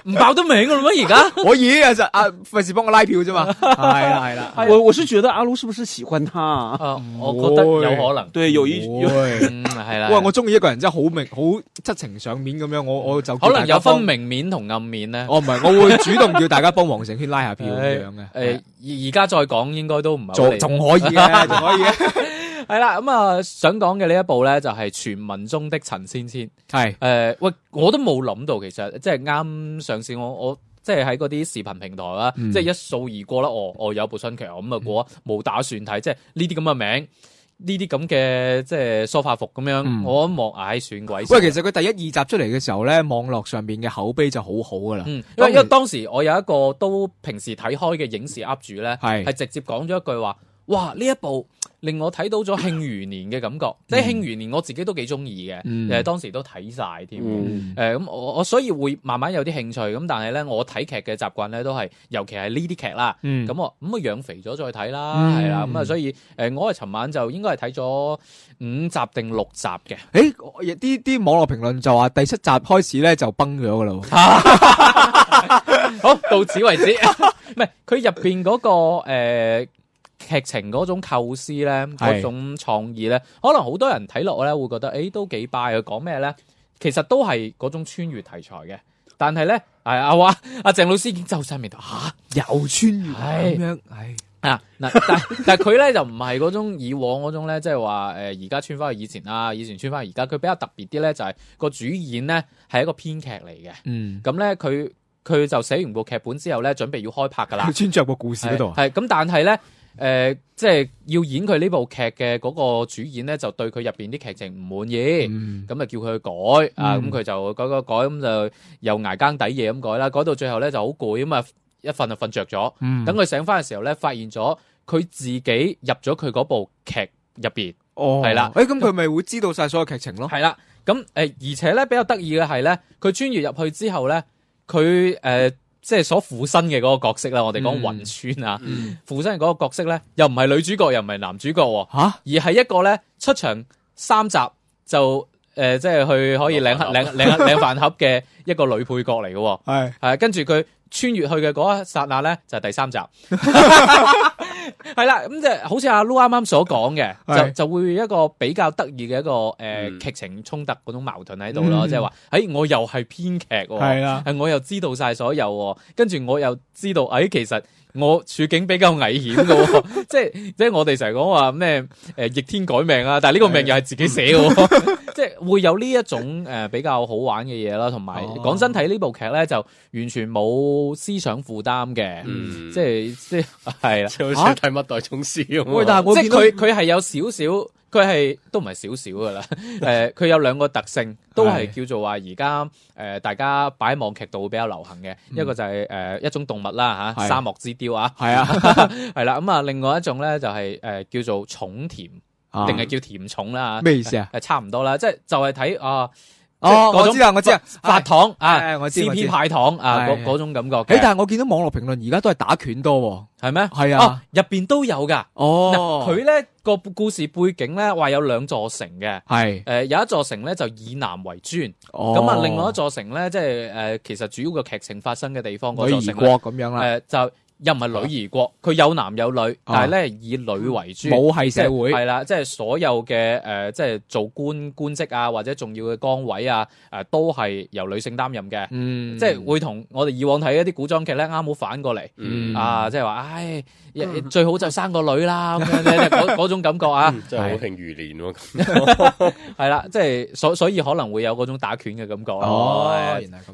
唔爆得名㗎啦，而家 可以啊！就阿費事幫我拉票啫嘛，係啦係啦。 我我是覺得阿盧是不是喜歡他、啊呃？我覺得有可能，對，容易會係啦。嗯、喂，我中意一個人真係好明好七情上面咁樣，我我就方可能有分明面同暗面咧。我唔係，我會主動叫大家幫黃成軒拉下票咁 樣嘅。誒、呃，而而家再講應該都唔係仲仲可以嘅，仲可以嘅。 係啦，咁啊、嗯，想講嘅呢一部咧，就係傳聞中的陳芊芊。係誒是、呃，喂，我都冇諗到，其實即係啱上線，我我即係喺嗰啲視頻平台啦，即係一掃而過啦。哦，哦，有部新劇，咁啊，我冇打算睇。即係呢啲咁嘅名，呢啲咁嘅即係梳化服咁樣，嗯、我一望，唉，算鬼算。喂，其實佢第一二集出嚟嘅時候咧，網絡上邊嘅口碑就好好噶啦。因為當時我有一個都平時睇開嘅影視 UP 主咧，係係直接講咗一句話：哇，呢一部。令我睇到咗慶餘年嘅感覺，嗯、即係慶餘年，我自己都幾中意嘅，誒、嗯，當時都睇晒添。誒、嗯，咁我我所以會慢慢有啲興趣，咁但係咧，我睇劇嘅習慣咧都係，尤其係呢啲劇啦。咁、嗯嗯、我咁啊養肥咗再睇啦，係啦、嗯。咁啊所以，誒、呃，我係尋晚就應該係睇咗五集定六集嘅。誒、欸，啲啲網絡評論就話第七集開始咧就崩咗噶啦， 好，到此為止。唔 係、嗰個，佢入邊嗰個誒。劇情嗰種構思咧，嗰是種創意咧，可能好多人睇落咧會覺得，誒、欸，都幾拜。佢講咩咧？其實都係嗰種穿越題材嘅。但係咧，係阿華阿鄭老師已經皺晒眉頭。吓、啊，又穿越咁、啊、是樣，係。啊，嗱，但但佢咧就唔係嗰種以往嗰種咧，即係話誒，而家穿翻去以前啊，以前穿翻去而家。佢比較特別啲咧，就係個主演咧係一個編劇嚟嘅。嗯。咁咧，佢佢就寫完部劇本之後咧，準備要開拍噶啦。穿着個故事嗰度。係。咁但係咧。誒、呃，即係要演佢呢部劇嘅嗰個主演咧，就對佢入邊啲劇情唔滿意，咁啊、嗯、叫佢去改、嗯、啊，咁佢就改改改，咁就又挨更抵嘢咁改啦，改到最後咧就好攰，咁啊一瞓就瞓着咗。嗯、等佢醒翻嘅時候咧，發現咗佢自己入咗佢嗰部劇入邊，係啦、哦。誒了，咁佢咪會知道晒所有劇情咯？係啦。咁誒、呃，而且咧比較得意嘅係咧，佢穿越入去之後咧，佢誒。呃即係所附身嘅嗰個角色啦，我哋講雲川啊，嗯嗯、附身嘅嗰個角色咧，又唔係女主角，又唔係男主角喎，蛤而係一個咧，出場三集就誒、呃，即係去可以領 領領盒領飯盒嘅一個女配角嚟嘅，係係是、啊、跟住佢穿越去嘅嗰一剎那咧，就係、是、第三集。 係啦，咁即係好似阿 Lu 啱啱所講嘅，是就就會一個比較得意嘅一個誒劇、呃嗯、情衝突嗰種矛盾喺度咯，即係話，誒、欸、我又係編劇，係啦的，係我又知道晒所有，跟住我又知道，誒、欸、其實我處境比較危險嘅、哦， 即係即係我哋成日講話咩誒逆天改命啊，但係呢個命又係自己寫嘅的.。 即係會有呢一種誒比較好玩嘅嘢啦，同埋講真睇呢部劇咧，就完全冇思想負擔嘅，即係、啊、即係係啦，好似睇《乜代宗師》咁。但係我見佢佢係有少少，佢係都唔係少少噶啦。誒，佢有兩個特性，都係叫做話而家誒大家擺喺網劇度會比較流行嘅。嗯、一個就係、是、誒、呃、一種動物啦吓，啊、是沙漠之雕啊，係啊，係啦。 咁、嗯、啊，另外一種咧就係、是、誒、呃、叫做重甜。定係叫甜寵啦，咩意思啊？誒，差唔多啦，即係就係睇哦，哦，我知啦，我知啦，發糖，誒，我知，CP 派糖，啊，嗰嗰種感覺。誒，但係我見到網絡評論而家都係打拳多，係咩？係啊，入邊都有噶。哦，佢咧個故事背景咧話有兩座城嘅，係，誒，有一座城咧就以男為尊，咁啊，另外一座城咧即係誒，其實主要個劇情發生嘅地方嗰座城啦，誒，就。又唔係女兒國，佢、啊、有男有女，啊、但係咧以女為主，母系社會，係啦、就是，即係、就是、所有嘅誒即係做官官職啊，或者重要嘅崗位啊，誒、呃、都係由女性擔任嘅，嗯、即係會同我哋以往睇一啲古裝劇咧，啱好反過嚟、嗯、啊，即係話唉，最好就生個女啦咁樣咧，嗰嗰 種感覺啊，即係好慶餘年喎，係、就、啦、是，即係所所以可能會有種打拳嘅感覺哦，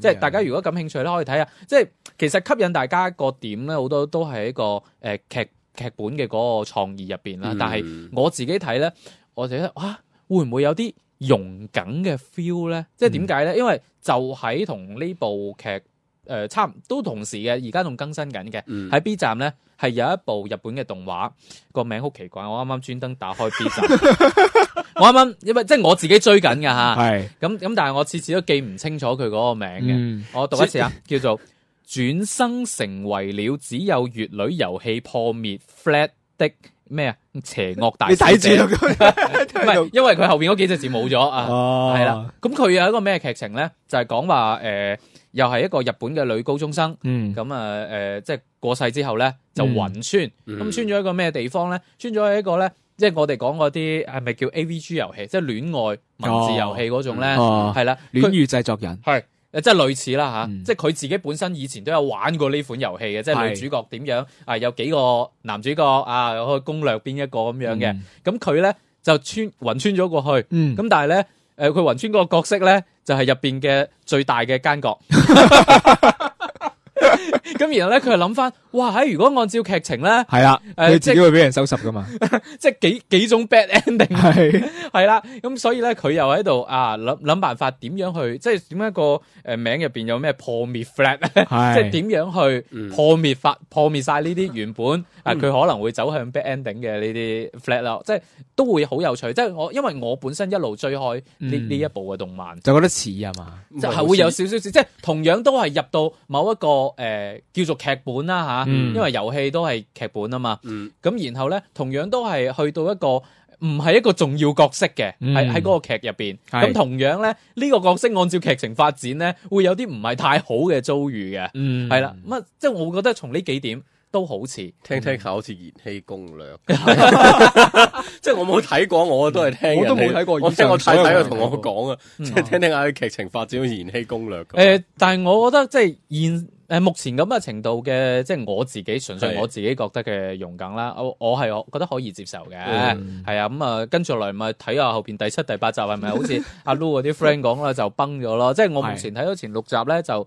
即係對大家如果感興趣咧，可以睇下，即、就、係、是、其實吸引大家個點咧，好。都都係一個誒劇劇本嘅嗰個創意入邊啦，嗯、但係我自己睇咧，我就覺得啊，會唔會有啲融梗嘅 feel 咧？即係點解咧？嗯、因為就喺同呢部劇誒、呃、差唔多都同時嘅，而家仲更新緊嘅喺 B 站咧，係有一部日本嘅動畫，個名好奇怪。我啱啱專登打開 B 站， 我啱啱因為即係我自己追緊㗎吓，係咁咁，但係我次次都記唔清楚佢嗰個名嘅。嗯、我讀一次啊，叫做。 轉生成為了只有乙女遊戲破滅 flag 的咩啊邪惡大小姐，你睇住， 因為佢後邊嗰幾隻字冇咗啊，係啦，咁佢有一個咩劇情咧？就係講話誒，又係一個日本嘅女高中生，嗯，咁啊，誒，即係過世之後咧就魂穿，咁穿咗一個咩地方咧？穿咗一個咧，即係我哋講嗰啲係咪叫 AVG 遊戲？即係戀愛文字遊戲嗰種咧，係啦、哦，戀與製作人係。誒、啊，即係類似啦嚇，即係佢自己本身以前都有玩過呢款遊戲嘅，是即係女主角點樣啊？有幾個男主角啊？去攻略邊一個咁樣嘅？咁佢咧就穿魂穿咗過去，咁、嗯、但係咧誒，佢、呃、魂穿嗰個角色咧就係入邊嘅最大嘅奸角。 咁 然後咧，佢又諗翻，哇！喺如果按照劇情咧，係啦的，佢、呃、自己會俾人收拾噶嘛？即係 幾幾種 bad ending 係係啦，咁 所以咧，佢又喺度啊諗諗辦法，點樣去即係點樣一個誒名入邊有咩破滅 flat？的 即係點樣去破滅法、嗯、破滅晒呢啲原本啊，佢可能會走向 bad ending 嘅呢啲 flat 咯，即係都會好有趣。即係我因為我本身一路追開呢呢一，嗯、一部嘅動漫，就覺得似啊嘛，就係會有少少似，即係同樣都係入到某一個。誒，叫做劇本啦吓，因為遊戲都係劇本啊嘛。咁然後咧，同樣都係去到一個唔係一個重要角色嘅，係喺嗰個劇入邊。咁同樣咧，呢個角色按照劇情發展咧，會有啲唔係太好嘅遭遇嘅。係啦，咁啊，即係我覺得從呢幾點都好似聽聽下好似《延禧攻略》，即係我冇睇過，我都係聽。我都冇睇過，我睇睇佢同我講啊，即係聽聽下啲劇情發展《好似延禧攻略》。誒，但係我覺得即係現。誒目前咁嘅程度嘅，即係我自己純粹我自己覺得嘅容梗啦，我我係覺得可以接受嘅，係啊、嗯，咁啊跟住落嚟咪睇下看看後邊第七、第八集係咪 好似阿 Lu 嗰啲 friend 講啦就崩咗咯，即係我目前睇到前六集咧就。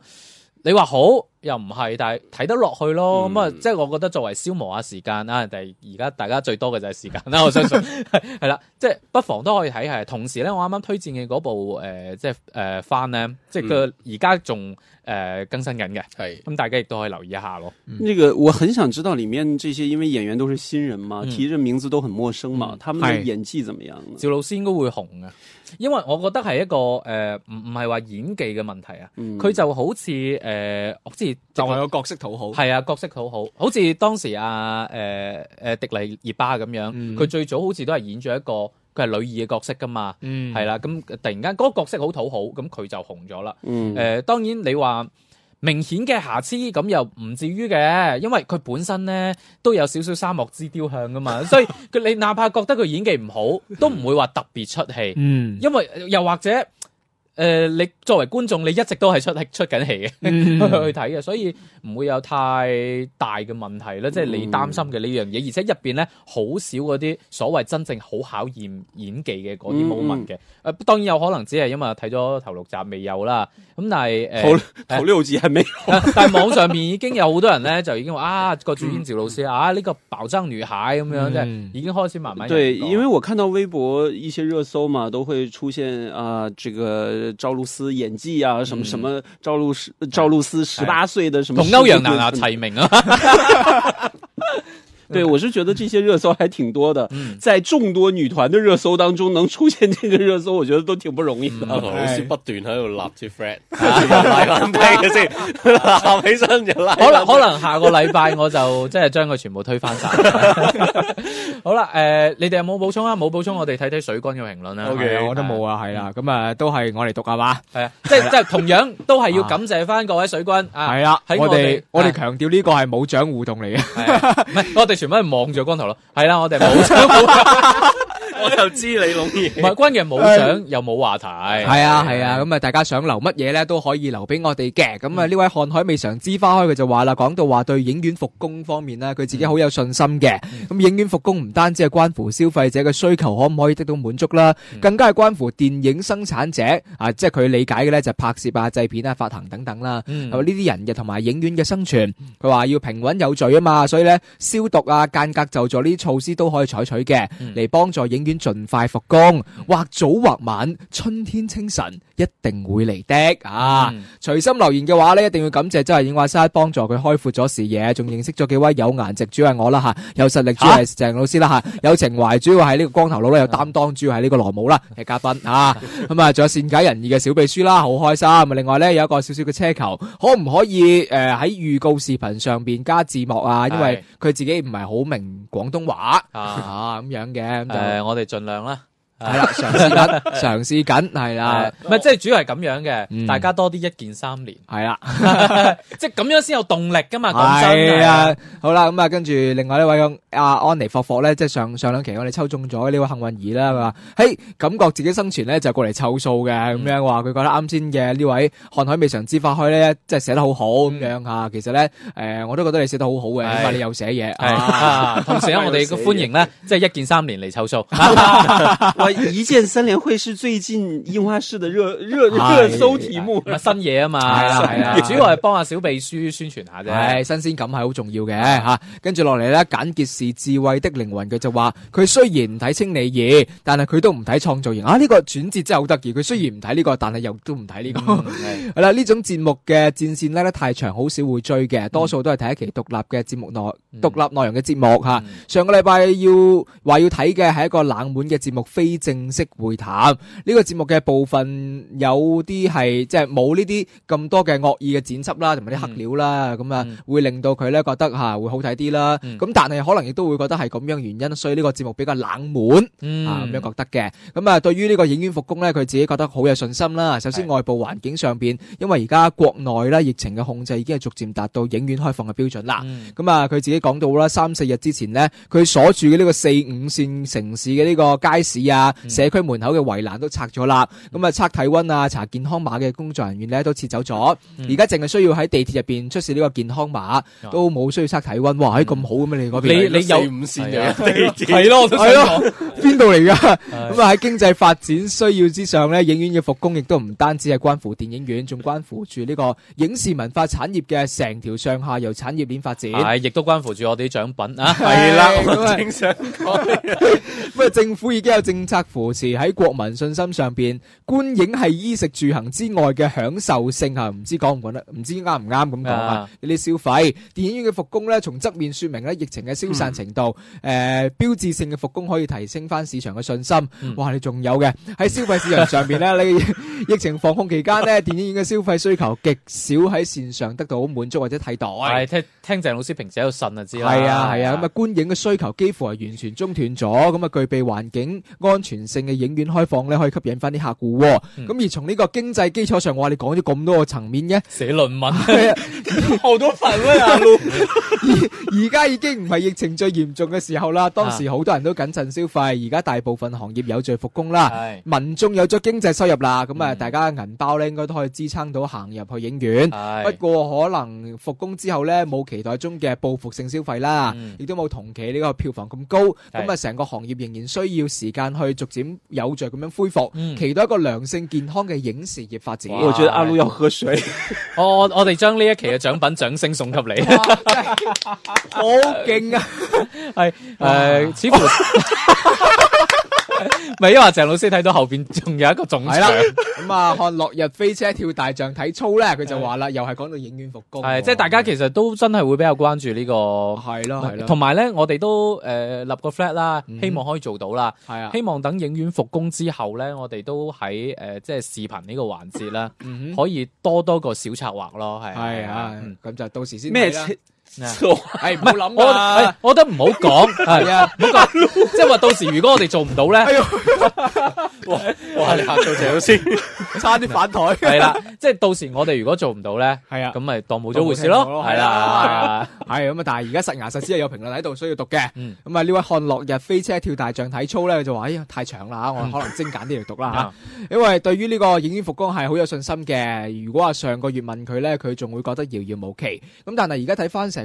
你話好又唔係，但係睇得落去咯。咁啊、嗯，即係我覺得作為消磨下時間啊。第而家大家最多嘅就係時間啦，嗯、我相信係啦。 即係不妨都可以睇下。同時咧，我啱啱推薦嘅嗰部誒，即係誒番咧，即係佢而家仲誒更新緊嘅。係咁、嗯，大家亦都可以留意一下咯。呢個我很想知道裏面這些，因為演員都是新人嘛，嗯、提着名字都很陌生嘛，他們的演技怎麼樣？趙老師應該會紅啊。因為我覺得係一個誒，唔唔係話演技嘅問題啊，佢、嗯、就好似誒，我、呃、之前就係個角色討好，係啊，角色討好好似當時阿誒誒迪麗熱巴咁樣，佢、嗯、最早好似都係演咗一個佢係女二嘅角色噶嘛，係啦、嗯，咁、啊、突然間嗰個角色好討好，咁佢就紅咗啦，誒、嗯呃，當然你話。明顯嘅瑕疵，咁又唔至於嘅，因為佢本身咧都有少少沙漠之雕像㗎嘛， 所以佢你哪怕覺得佢演技唔好，都唔會話特別出戲， 嗯，因為又或者。誒、呃，你作為觀眾，你一直都係出係出緊戲嘅去睇嘅，所以唔會有太大嘅問題啦。即係你擔心嘅呢樣嘢，嗯、而且入邊咧好少嗰啲所謂真正好考驗演技嘅嗰啲 moment 嘅。誒、嗯呃，當然有可能只係因為睇咗頭六集未有啦。咁但係誒，呃、頭六集未有？啊、 但係網上面已經有好多人咧就已經話啊、嗯、個主演趙老師啊呢、這個爆爭女孩咁樣，嗯、已經開始慢慢。對，因為我看到微博一些熱搜嘛，都會出現啊、呃呃，這個。趙露思演技啊，什麼什麼趙露思、嗯、趙露思十八歲的、嗯、什麼的？同歐陽娜娜啊，齊名 名啊。 對我是覺得這些熱搜還挺多的，在眾多女團的熱搜當中，能出現這個熱搜，我覺得都挺不容易的。我先不 u 喺度落去 friend 埋問題先，立起身就拉。可能下個禮拜我就真係將佢全部推翻晒。好啦，誒，你哋有冇補充啊？冇補充，我哋睇睇水軍嘅評論啦。OK，我都冇啊，係啦，咁啊，都係我嚟讀係嘛。係啊，即係即係，同樣都係要感謝翻各位水軍。係啊，喺我哋我哋強調呢個係冇獎互動嚟嘅，唔係我哋。全部係望著光頭咯，係、嗯、啦、啊，我哋冇相我就知你老嘢。唔係， 君爺冇相又冇話題。係啊，係啊，咁啊，大家想留乜嘢咧都可以留俾我哋嘅。咁、嗯、啊，呢、嗯、位看海未嘗知花開佢就話啦，講到話對影院復工方面咧，佢自己好有信心嘅。咁、嗯、影院復工唔單止係關乎消費者嘅需求可唔可以得到滿足啦，更加係關乎電影生產者啊，即係佢理解嘅咧就係拍攝啊、製片啊、發行等等啦。呢啲、嗯、人嘅同埋影院嘅生存，佢話要平穩有序啊嘛，所以咧消毒。啊，間隔就座呢啲措施都可以採取嘅，嚟、嗯、幫助影院盡快復工，嗯、或早或晚，春天清晨一定會嚟的啊！隨、嗯、心留言嘅話咧，一定要感謝周係影話生，幫助佢開闊咗視野，仲認識咗幾位有顏值，主要係我啦吓、啊，有實力主要係鄭老師啦吓、啊啊，有情懷主要係呢個光頭佬啦，有擔當主要係呢個羅姆啦，係嘉賓啊，咁 啊，仲有善解人意嘅小秘書啦，好、啊、開心、啊。另外呢，有一個小小嘅奢求，可唔可以誒喺、呃、預告視頻上邊加字幕啊？因為佢自己唔。 唔係好明廣東話啊咁樣嘅，咁，但係我哋盡量啦。係啦，嘗試緊，嘗試緊，係啦，唔係即係主要係咁樣嘅，大家多啲一鍵三連，係啦，即係咁樣先有動力噶嘛，係啊，好啦，咁啊，跟住另外一位阿安妮霍霍咧，即係上上兩期我哋抽中咗呢位幸運兒啦，佢話，嘿，感覺自己生存咧就過嚟湊數嘅，咁樣話佢覺得啱先嘅呢位瀚海未嘗之發開咧，即係寫得好好咁樣吓，其實咧，誒，我都覺得你寫得好好嘅，你有寫嘢，係同時咧，我哋都歡迎咧，即係一鍵三連嚟湊數。 一鍵三連會是最近櫻花市的熱熱熱搜題目， 新嘢啊嘛，係啊，主要係幫阿小秘書宣傳下啫， 新鮮感係好重要嘅吓。跟住落嚟咧，簡潔是智慧的靈魂，佢就話佢雖然唔睇清你嘢，但係佢都唔睇創造型啊。呢、這個轉折真係好得意，佢雖然唔睇呢個，但係又都唔睇呢個。係啦、嗯，呢 種節目嘅戰線拉得太長，好少會追嘅，多數都係睇一期獨立嘅節目內獨、嗯、立內容嘅節目吓、啊。上個禮拜要話要睇嘅係一個冷門嘅節目，非。正式會談呢個節目嘅部分有啲係即係冇呢啲咁多嘅惡意嘅剪輯啦，同埋啲黑料啦，咁啊會令到佢咧覺得吓會好睇啲啦。咁但係可能亦都會覺得係咁樣原因，所以呢個節目比較冷門啊咁樣覺得嘅。咁啊，對於呢個影院復工咧，佢自己覺得好有信心啦。首先外部環境上邊，因為而家國內咧疫情嘅控制已經係逐漸達到影院開放嘅標準啦。咁啊，佢自己講到啦，三四日之前咧，佢所住嘅呢個四五線城市嘅呢個街市啊。社區門口嘅圍欄都拆咗啦，咁啊測體溫啊，查健康碼嘅工作人員咧都撤走咗，而家淨係需要喺地鐵入邊出示呢個健康碼，都冇需要測體溫。哇，喺咁好嘅咩？你嗰邊？你你有五線嘅地鐵？係咯，係咯，邊度嚟噶？咁啊喺經濟發展需要之上咧，影院要復工，亦都唔單止係關乎電影院，仲關乎住呢個影視文化產業嘅成條上下游產業鏈發展。係，亦都關乎住我哋啲獎品啊。係啦，咁啊，正想講，政府已經有政策。扶持喺國民信心上邊，觀影係衣食住行之外嘅享受性吓，唔知講唔講得，唔知啱唔啱咁講啊！呢啲消費，電影院嘅復工咧，從側面說明咧疫情嘅消散程度。誒，標誌性嘅復工可以提升翻市場嘅信心。哇，你仲有嘅喺消費市場上邊咧，呢你疫情防控期間咧，電影院嘅消費需求極少喺線上得到滿足或者替代。係聽鄭老師平時喺度呻就知啦。係啊係啊，咁啊觀影嘅需求幾乎係完全中斷咗，咁啊具備環境安。全盛嘅影院開放咧，可以吸引翻啲客戶。咁、嗯、而從呢個經濟基礎上，我話你講咗咁多個層面嘅寫論文，好多份。而家已經唔係疫情最嚴重嘅時候啦。當時好多人都謹慎消費，而家大部分行業有序復工啦，是民眾有咗經濟收入啦。咁啊、嗯，大家銀包咧應該都可以支撐到行入去影院。是不過可能復工之後咧，冇期待中嘅報復性消費啦，亦、嗯、都冇同期呢個票房咁高。咁啊是，成個行業仍然需要時間去。逐漸有著咁樣恢復，期待一個良性健康嘅影視業發展。我覺得阿老有喝水，我我我哋將呢一期嘅獎品掌聲送給你，好勁啊！係誒，似乎。咪因為鄭老師睇到後邊仲有一個總場，咁啊，看落日飛車跳大象體操咧，佢就話啦，又係講到影院復工，係即係大家其實都真係會比較關注呢個，係咯，係咯，同埋咧，我哋都誒立個 flat 啦，希望可以做到啦，係啊，希望等影院復工之後咧，我哋都喺誒即係視頻呢個環節啦，可以多多個小策劃咯，係係啊，咁就到時先咩？係冇諗啊！我覺得唔好講，係啊，唔好講，即係話到時如果我哋做唔到咧，哇！哇！你吓到謝老師，差啲反台係啦。即係到時我哋如果做唔到咧，係啊，咁咪當冇咗回事咯，係啦，係咁啊。但係而家實牙實齒係有評論喺度，需要讀嘅。咁啊，呢位看落日飛車跳大象體操咧，就話：哎呀，太長啦！我可能精簡啲嚟讀啦。因為對於呢個影院復工係好有信心嘅。如果話上個月問佢咧，佢仲會覺得遙遙無期。咁但係而家睇翻成。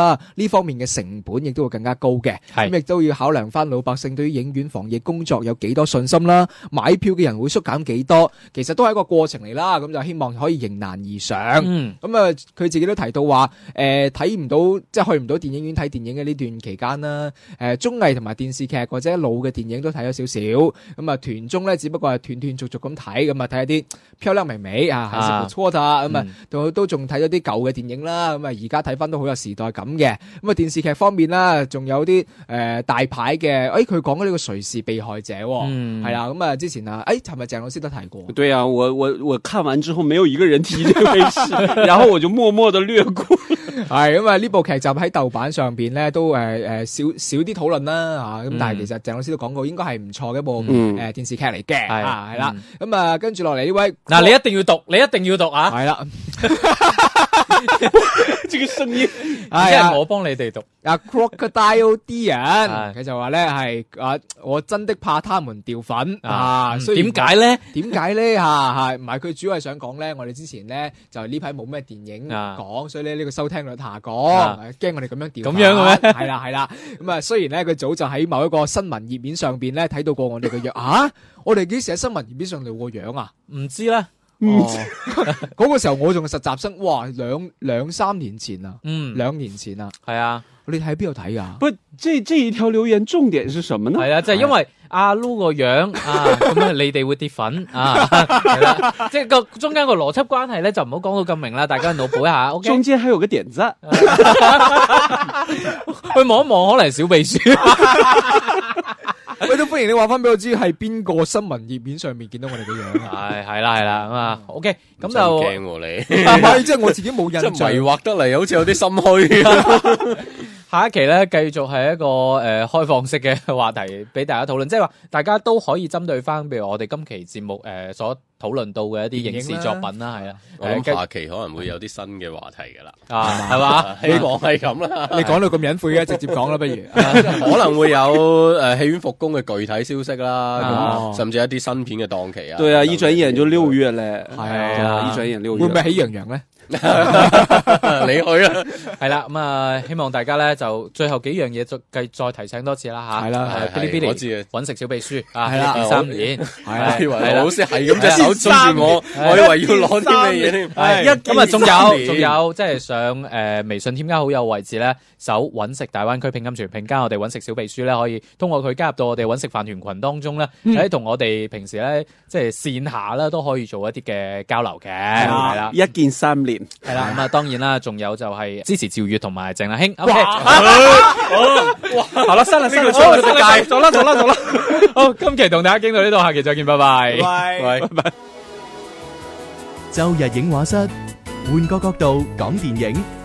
呢方面嘅成本亦都會更加高嘅，咁是亦都要考量翻老百姓對於影院防疫工作有幾多信心啦。買票嘅人會縮減幾多，其實都係一個過程嚟啦。咁就希望可以迎難而上。咁啊、嗯，佢、嗯、自己都提到話，誒睇唔到即係去唔到電影院睇電影嘅呢段期間啦。誒、呃，綜藝同埋電視劇或者老嘅電影都睇咗少少。咁、嗯、啊，團綜咧只不過係斷斷續續咁睇，咁啊睇一啲漂亮美美啊，食個初咋。咁啊，嗯、都都仲睇咗啲舊嘅電影啦。咁啊，而家睇翻都好有時代感。咁嘅咁啊！電視劇方面啦，仲有啲誒大牌嘅誒，佢講緊呢個誰是被害者係啦。咁啊，之前啊，誒，尋日鄭老師都提過，對啊，我我我看完之後，沒有一個人提呢個位置，然後我就默默地掠過。哎咁咪，呢部劇集喺豆瓣上邊咧都誒誒少少啲討論啦啊！咁但係其實鄭老師都講過，應該係唔錯嘅一部誒電視劇嚟嘅啊，係啦。咁啊，跟住落嚟呢位嗱，你一定要讀，你一定要讀啊！係啦。即 係我幫你哋讀啊。 crocodile 啲 n 佢就話咧係啊，我真的怕他們掉粉 啊。點解咧？點解咧？吓係，唔係佢主要係想講咧。我哋之前咧就呢排冇咩電影講， 所以咧呢個收聽率下降，驚、 啊、我哋咁樣掉粉。咁樣嘅咩？係啦，係啦。咁啊，雖然咧佢早就喺某一個新聞頁面上邊咧睇到過我哋嘅樣。吓， 我哋幾時喺新聞頁面上聊過個樣啊？唔知咧。嗰、哦、 個時候我仲係實習生，哇，兩兩三年前啊，兩年前啊，係啊，你喺邊度睇㗎？不，即係即係一條留言，重點是什麼呢？係啦、啊，就係、是、因為阿 Lu 個樣啊，咁你哋會跌粉啊，係啦、 啊，即、就、係、是、個中間個邏輯關係咧，就唔好講到咁明啦，大家腦補一下。Okay? 中間喺度嘅點子， 去望一望，可能係小秘書 我都歡迎你話翻俾我知，係邊個新聞頁面上面見到我哋嘅樣。係係啦，係啦， 啊 OK，咁就驚喎你，即係我自己冇印象， 迷惑得嚟，好似有啲心虛。 下一期咧，繼續係一個誒開放式嘅話題俾大家討論，即係話大家都可以針對翻，譬如我哋今期節目誒所討論到嘅一啲影視作品啦，係啊，我諗下期可能會有啲新嘅話題噶啦，啊，係嘛？希望係咁啦，你講到咁隱晦嘅，直接講啦，不如可能會有誒戲院復工嘅具體消息啦，甚至一啲新片嘅檔期啊。對啊，一轉眼就六月咧，係啊，一轉眼六月，會唔會喜羊羊咧？你去啦，係啦，咁啊，希望大家咧就最後幾樣嘢再計再提醒多次啦吓，係啦，嗶哩嗶哩，我知啊，穩食小秘書啊，係啦，三連，係啊，以為老師係咁就守住我，我以為要攞啲咩嘢添，咁啊，仲有仲有，即係上誒微信添加好友位置咧，搜穩食大灣區拼金全拼加我哋穩食小秘書咧，可以通過佢加入到我哋穩食飯糰群當中咧，喺同我哋平時咧即係線下咧都可以做一啲嘅交流嘅，係啦，一鍵三連。係啦，咁啊、 嗯，當然啦，仲有就係支持趙月同埋鄭亞興。好，好，好，好啦，收啦，收世界，啦，走啦，走啦，走啦。好，今期同大家傾到呢度，下期再見，拜拜。拜拜。 拜拜。周日影畫室，換個角度講電影。